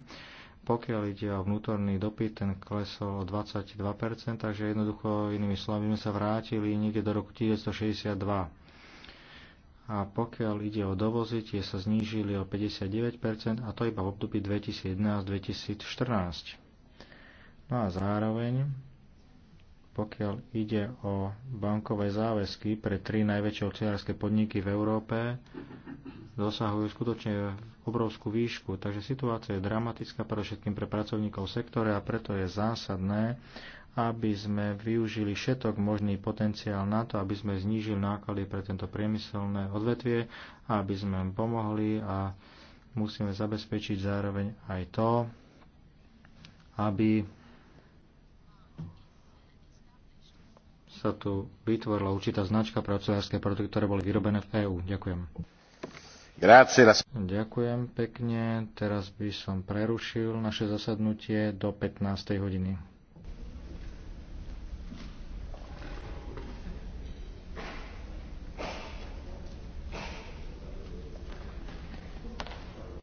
Pokiaľ ide o vnútorný dopyt, ten klesol o 22%, takže jednoducho inými slovami sme sa vrátili niekde do roku 1962 a pokiaľ ide o dovozy, tie sa znížili o 59% a to iba v období 2011-2014. No a zároveň, pokiaľ ide o bankové záväzky pre tri najväčšie ocelárske podniky v Európe, dosahujú skutočne obrovskú výšku, takže situácia je dramatická pre všetkým pre pracovníkov v sektore a preto je zásadné, aby sme využili všetok možný potenciál na to, aby sme znížili náklady pre tento priemyselné odvetvie, aby sme im pomohli a musíme zabezpečiť zároveň aj to, aby sa tu vytvorila určitá značka pre ocelárske produkty, ktoré boli vyrobené v EÚ. Ďakujem. Grazie. Ďakujem pekne. Teraz by som prerušil naše zasadnutie do 15. hodiny.